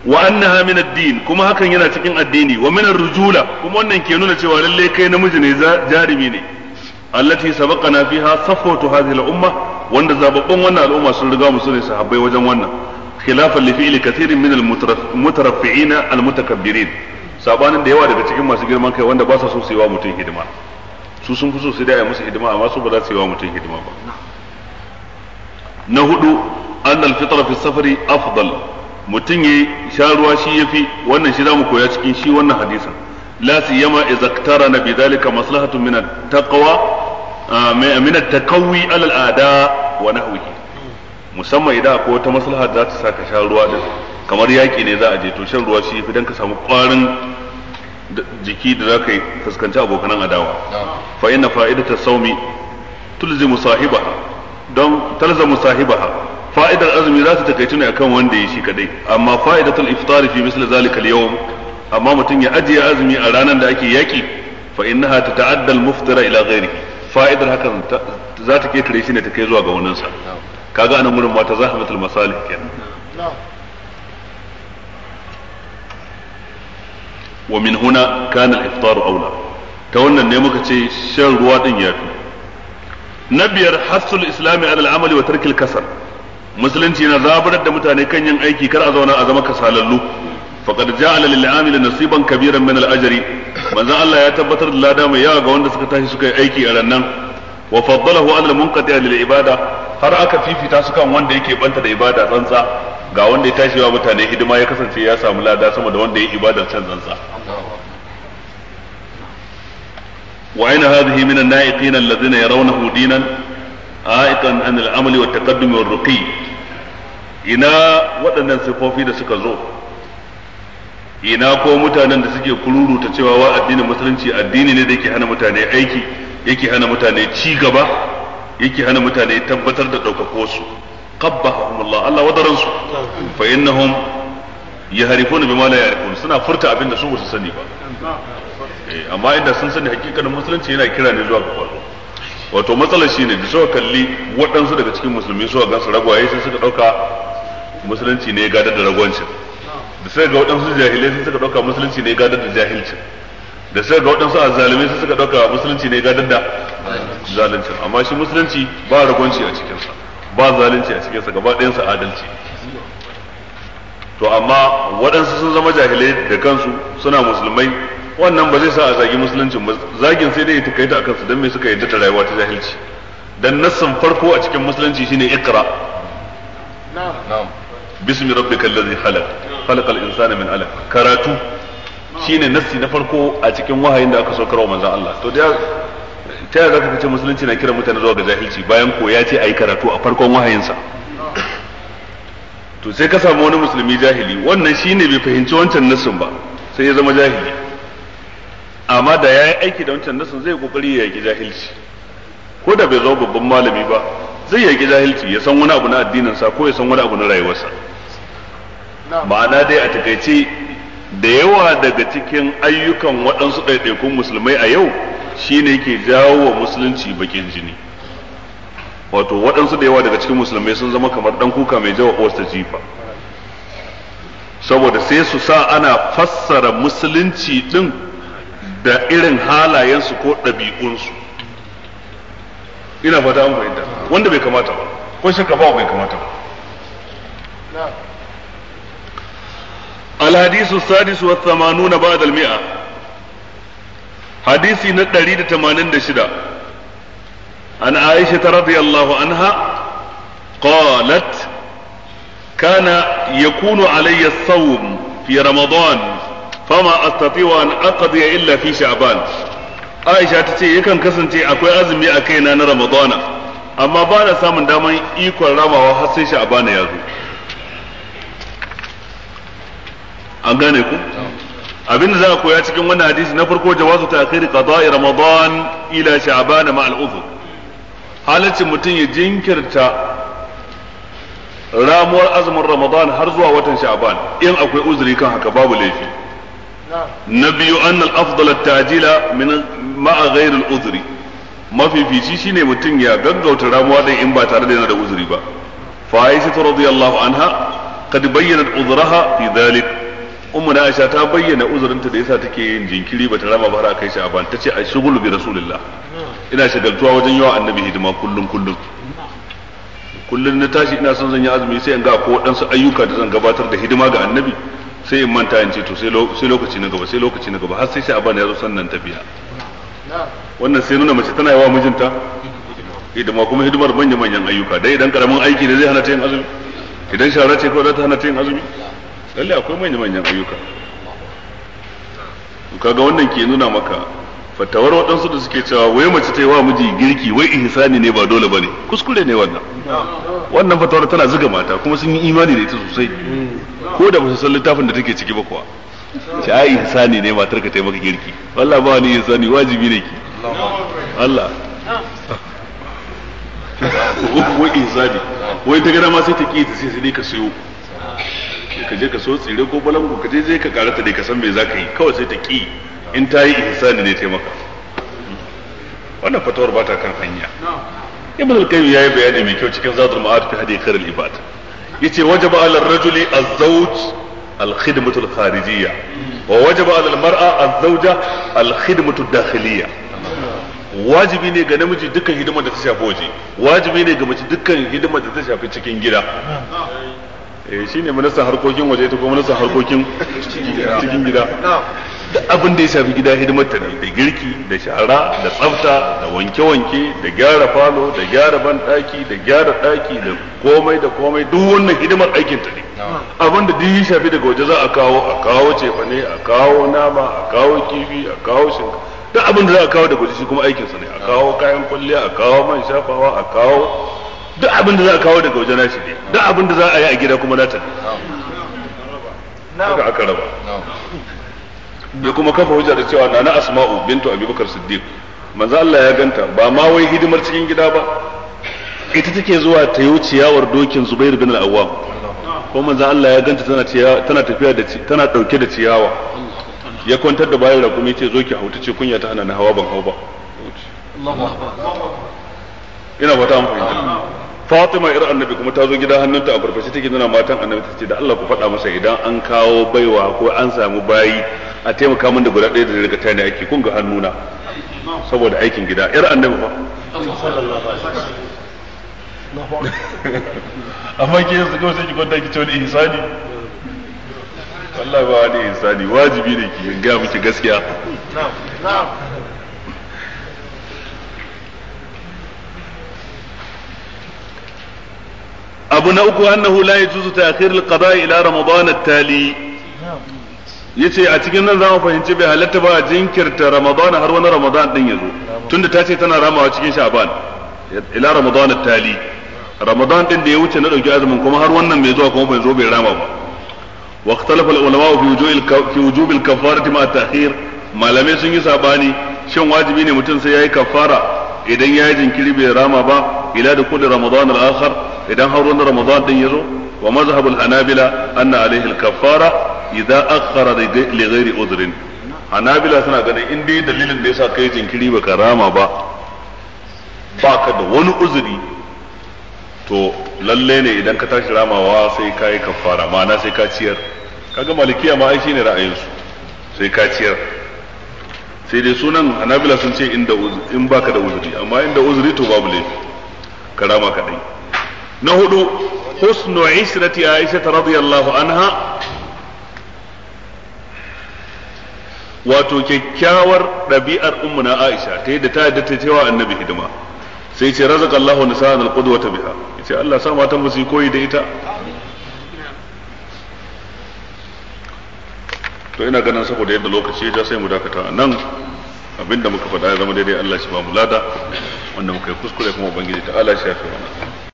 wa annaha min ad-din kuma hakan yana cikin addini wa min ar-rujula kuma wannan ke nuna cewa lalle kai namiji ne jarimi ne allati sabaqana fiha safwatu hadhihi al-umma wanda zababban wannan al'umma sun riga mu sune sahabbai wajen wannan khilafan li fi'li kathirin min al-mutaraffi'in al-mutakabbirin sabanin da yawa daga cikin masu girman kai wanda ba sa so su yi wa mutum hidima su sun fi so su da musu hidima amma su ba za su yi wa mutum hidima ba na hudu an al-fitra fi safari afdal mutum ya sha ruwa shi fi wannan shi mu koya cikin shi wannan hadisin la siyama idza na bidhalika maslahatun min taqwa ah, min at-taqawi ala al-ada wa nahwihi musamman idan akwai wata maslaha za ta saka sha ruwa din kamar yaki ne za a je to shan ruwa shi fi dan ka samu ƙwarin jiki da za ka fuskanci abokanan adawa fa inna fa'idatu sawmi tulzimu sahibaha don talzamu sahibaha fa'idar azumi za ta takaitu ne akan wanda ya shi kadai amma fa'idatul iftar fi misl zalika al-yawm amma mutum ya ajiye azumi a ranar da ake yaƙi fa ta tata'adda al-muftara ila ghairi fa'idar hakan za ta ketare shi ne ta kai zuwa ga wannan sa kaga anan gurin mata za zahmatul masalih kenan wa min huna kana al-iftar aula ta wannan ne muka ce shan ruwa din yafi na biyar hasul islami ala al-amali wa tarkil kasar. musulunci yana zaburar da mutane kan yin aiki kar a zauna a zama kasalallu faqad ja'ala lil 'amili nasiban kabiran min al ajri manzo Allah ya tabbatar da lada mai yawa ga wanda suka tashi suka yi aiki a rannan wa faddalahu 'ala al munqati' lil ibada har aka fifita su kan wanda yake banta da ibada tsantsa ga wanda ya tashi wa mutane hidima ya kasance ya samu lada sama da wanda ya ibadar can tsantsa وأين هذه من النائقين الذين يرونه دينا عائقا عن العمل والتقدم والرقي ina waɗannan sifofi da suka zo ina ko mutanen da suke kururuta cewa wa addinin musulunci addini ne da yake hana mutane aiki yake hana mutane ci gaba yake hana mutane tabbatar da ɗaukako su qabbahum Allah Allah wadaran fa innahum yaharifuna bima la yarifun suna furta abin da su ba su sani ba eh, amma inda sun sani hakikanin musulunci yana kira ne zuwa ga kwazo wato matsalar shine da suka kalli waɗansu daga cikin musulmi suka gansu ragwaye sai suka ɗauka musulunci ne ya gadar da ragwancin da sai ga waɗansu jahilai sun suka ɗauka musulunci ne ya gadar da jahilcin da sai ga waɗansu azalimi sun suka ɗauka musulunci ne ya gadar da zalunci amma shi musulunci ba ragwanci a cikinsa ba zalunci a cikinsa gaba ɗayansa adalci to amma waɗansu sun zama jahilai da kansu suna musulmai wannan ba zai sa a zagi musuluncin ba zagin sai dai ya kai ta akan su dan me suka yarda da rayuwa ta jahilci dan nassan farko a cikin musulunci shine ikra na'am bismi rabbikal ladzi khalaq khalaqal insana min alaq karatu shine nassi na farko a cikin wahayin da aka saukar wa manzon Allah to da ta yaya zaka kace musulunci na kira mutane zuwa ga jahilci bayan ko ya ce ayi karatu a farkon wahayin sa to sai ka samu wani musulmi jahili wannan shine bai fahimci wancan nassin ba sai ya zama jahili amma da yayi aiki da wancan nassin zai kokari ya yi jahilci ko da bai zama babban malami ba zai yaki jahilci ya san wani abu na addinin sa ko ya san wani abu na rayuwarsa ma'ana dai a takaice da yawa daga cikin ayyukan waɗansu ɗaiɗaikun musulmai a yau shine ke jawo wa musulunci bakin jini wato waɗansu da yawa daga cikin musulmai sun zama kamar ɗan kuka mai jawa uwarsa jifa saboda sai su sa ana fassara musulunci ɗin da irin halayensu ko ɗabi'unsu ina fata an fahimta wanda bai kamata ba ko shi ba bai kamata ba الحديث السادس والثمانون بعد المئة حديثي نتريد تمانين دشدا عن عائشة رضي الله عنها قالت كان يكون علي الصوم في رمضان فما استطيع ان اقضي الا في شعبان عائشة تتي يكن كسنتي اكو أزم مئة na Ramadana amma ba na samun daman ikon ramawa har sai an gane ku abin da za a koya cikin wannan hadisi na farko jawazu ta'khiri qada'i ramadan ila sha'ban ma al-udhr mutum ya jinkirta ramuwar azumin ramadan har zuwa watan sha'ban in akwai uzuri kan haka babu laifi na biyu an al tajila min ma'a ghayr uzuri. mafifici shine mutum ya gaggauta ramuwa din in ba tare da yana da uzuri ba fa aisha radiyallahu anha qad bayyana uzraha fi dhalik ummu na aisha ta bayyana uzurinta da yasa take yin jinkiri bata rama ba har akai sha'ban tace a shugulu bi rasulillah ina shagaltuwa wajen yawa annabi hidima kullum kullum kullum na tashi ina son zan yi azumi sai in ga ko su ayyuka da zan gabatar da hidima ga annabi sai in manta in ce to sai lokaci na gaba sai lokaci na gaba har sai sha'ban ya zo sannan tafiya wannan sai nuna mace tana yawa mijinta hidima kuma hidimar manya manyan ayyuka dai idan karamin aiki ne zai hana ta yin azumi idan shara ce kawai za ta hana ta yin azumi lalle akwai manyan manyan ayyuka kaga wannan ke nuna maka fatawar waɗansu da suke cewa wai mace ta yi wa miji girki wai ihsani ne ba dole bane kuskure ne wannan wannan fatawar tana zuga mata kuma sun yi imani da ita sosai ko da ba su san littafin da take ciki ba kuwa ce ai ihsani ne matar ka ta yi maka girki wallahi ba ni ihsani wajibi ne ki Allah wai ihsani wai ta gada ma sai ta ki ta sai sai ka sayo ka je ka so tsire ko balangu ka je zai ka karata dai ka san me zaka yi kawai sai ta ki in ta yi ihsani ne ta maka wannan fatawar ba ta kan hanya ibn al-qayyim yayi bayani mai kyau cikin zadul ma'ad fi hadi khairul ibad yace wajaba 'ala ar-rajuli az-zawj al-khidmatu al-kharijiyya wa wajaba 'ala al-mar'a az-zawja al-khidmatu ad-dakhiliyya wajibi ne ga namiji dukkan hidimar da ta shafi waje wajibi ne ga mace dukkan hidimar da ta shafi cikin gida eh shine ministan harkokin waje ta kuma ministan harkokin cikin gida duk abin da ya shafi gida hidimar ta da girki da shara da tsafta da wanke-wanke da gyara falo da gyara banɗaki da gyara ɗaki da komai da komai duk wannan hidimar aikin ta ne abin da duk ya shafi daga waje za a kawo a kawo cefane a kawo nama a kawo kifi a kawo shinkafa duk abin da za a kawo daga waje shi kuma aikin sa ne a kawo kayan kwalliya a kawo man shafawa a kawo duk abin da za a kawo daga wajen nashi ne duk abin da za a yi a gida kuma nata ne haka aka raba bai kuma kafa hujja da cewa nana asma'u bintu abubakar siddiq manzo Allah ya ganta ba ma wai hidimar cikin gida ba ita take zuwa ta yi ciyawar dokin zubair bin al-awwam ko manzo Allah ya ganta tana tana tafiya da tana dauke da ciyawa ya kwantar da bayan rakumi ce zo ki hauta ce kunya ta hana na hawa ban hau ba ina fata an fahimta Fatima ir annabi kuma ta zo gida hannunta a barbashi take nuna matan annabi ta ce da Allah ku faɗa masa idan an kawo baiwa ko an samu bayi a taimaka min da guda ɗaya da daga tani ake kun ga hannuna saboda aikin gida ir annabi fa amma ke yanzu kawai sai ki kwanta ki ce wani ihsani wallahi ba wani ihsani wajibi ne ki ga miki gaskiya na'am na'am abu na uku annahu la yajuzu ta'khir al-qada'i ila ramadan at-tali yace a cikin nan zamu fahimci bai halatta ba a jinkirta ramadan har wani ramadan din yazo tunda ta ce tana ramawa cikin sha'ban ila ramadan at-tali ramadan din da ya wuce na dauki azumin kuma har wannan bai zuwa kuma bai zo bai rama ba wa ikhtalafa al-ulama fi wujubil fi wujubil kafarati ma ta'khir malamai sun yi sabani shin wajibi ne mutum sai yayi kafara idan ya jinkiri bai rama ba ila da kulli ramadan al-akhar idan har wani ramadan din yazo wa mazhabul hanabila anna alaihi al-kaffara idza akhara li ghairi udhrin hanabila suna ganin in dai dalilin da yasa kai jinkiri baka rama ba baka da wani uzuri to lalle ne idan ka tashi ramawa sai ka yi kaffara ma'ana sai ka ciyar kaga malikiya ma ai shine ra'ayinsu sai ka ciyar sai dai sunan hanabila sun ce inda in baka da uzuri amma inda uzuri to babu laifi karama kadai na hudu husnu israti aisha ta radiyallahu anha wato kyakkyawar ɗabi'ar ummuna aisha ta yadda ta yadda ta cewa annabi hidima sai ce razaqallahu nisa'an alqudwa biha yace Allah sa matan ba koyi da ita to ina ganin saboda yadda lokaci ya sai mu dakata nan abinda muka faɗa ya zama daidai Allah shi ba mu lada wanda muka yi kuskure kuma ubangiji ta Allah shi ya fi mana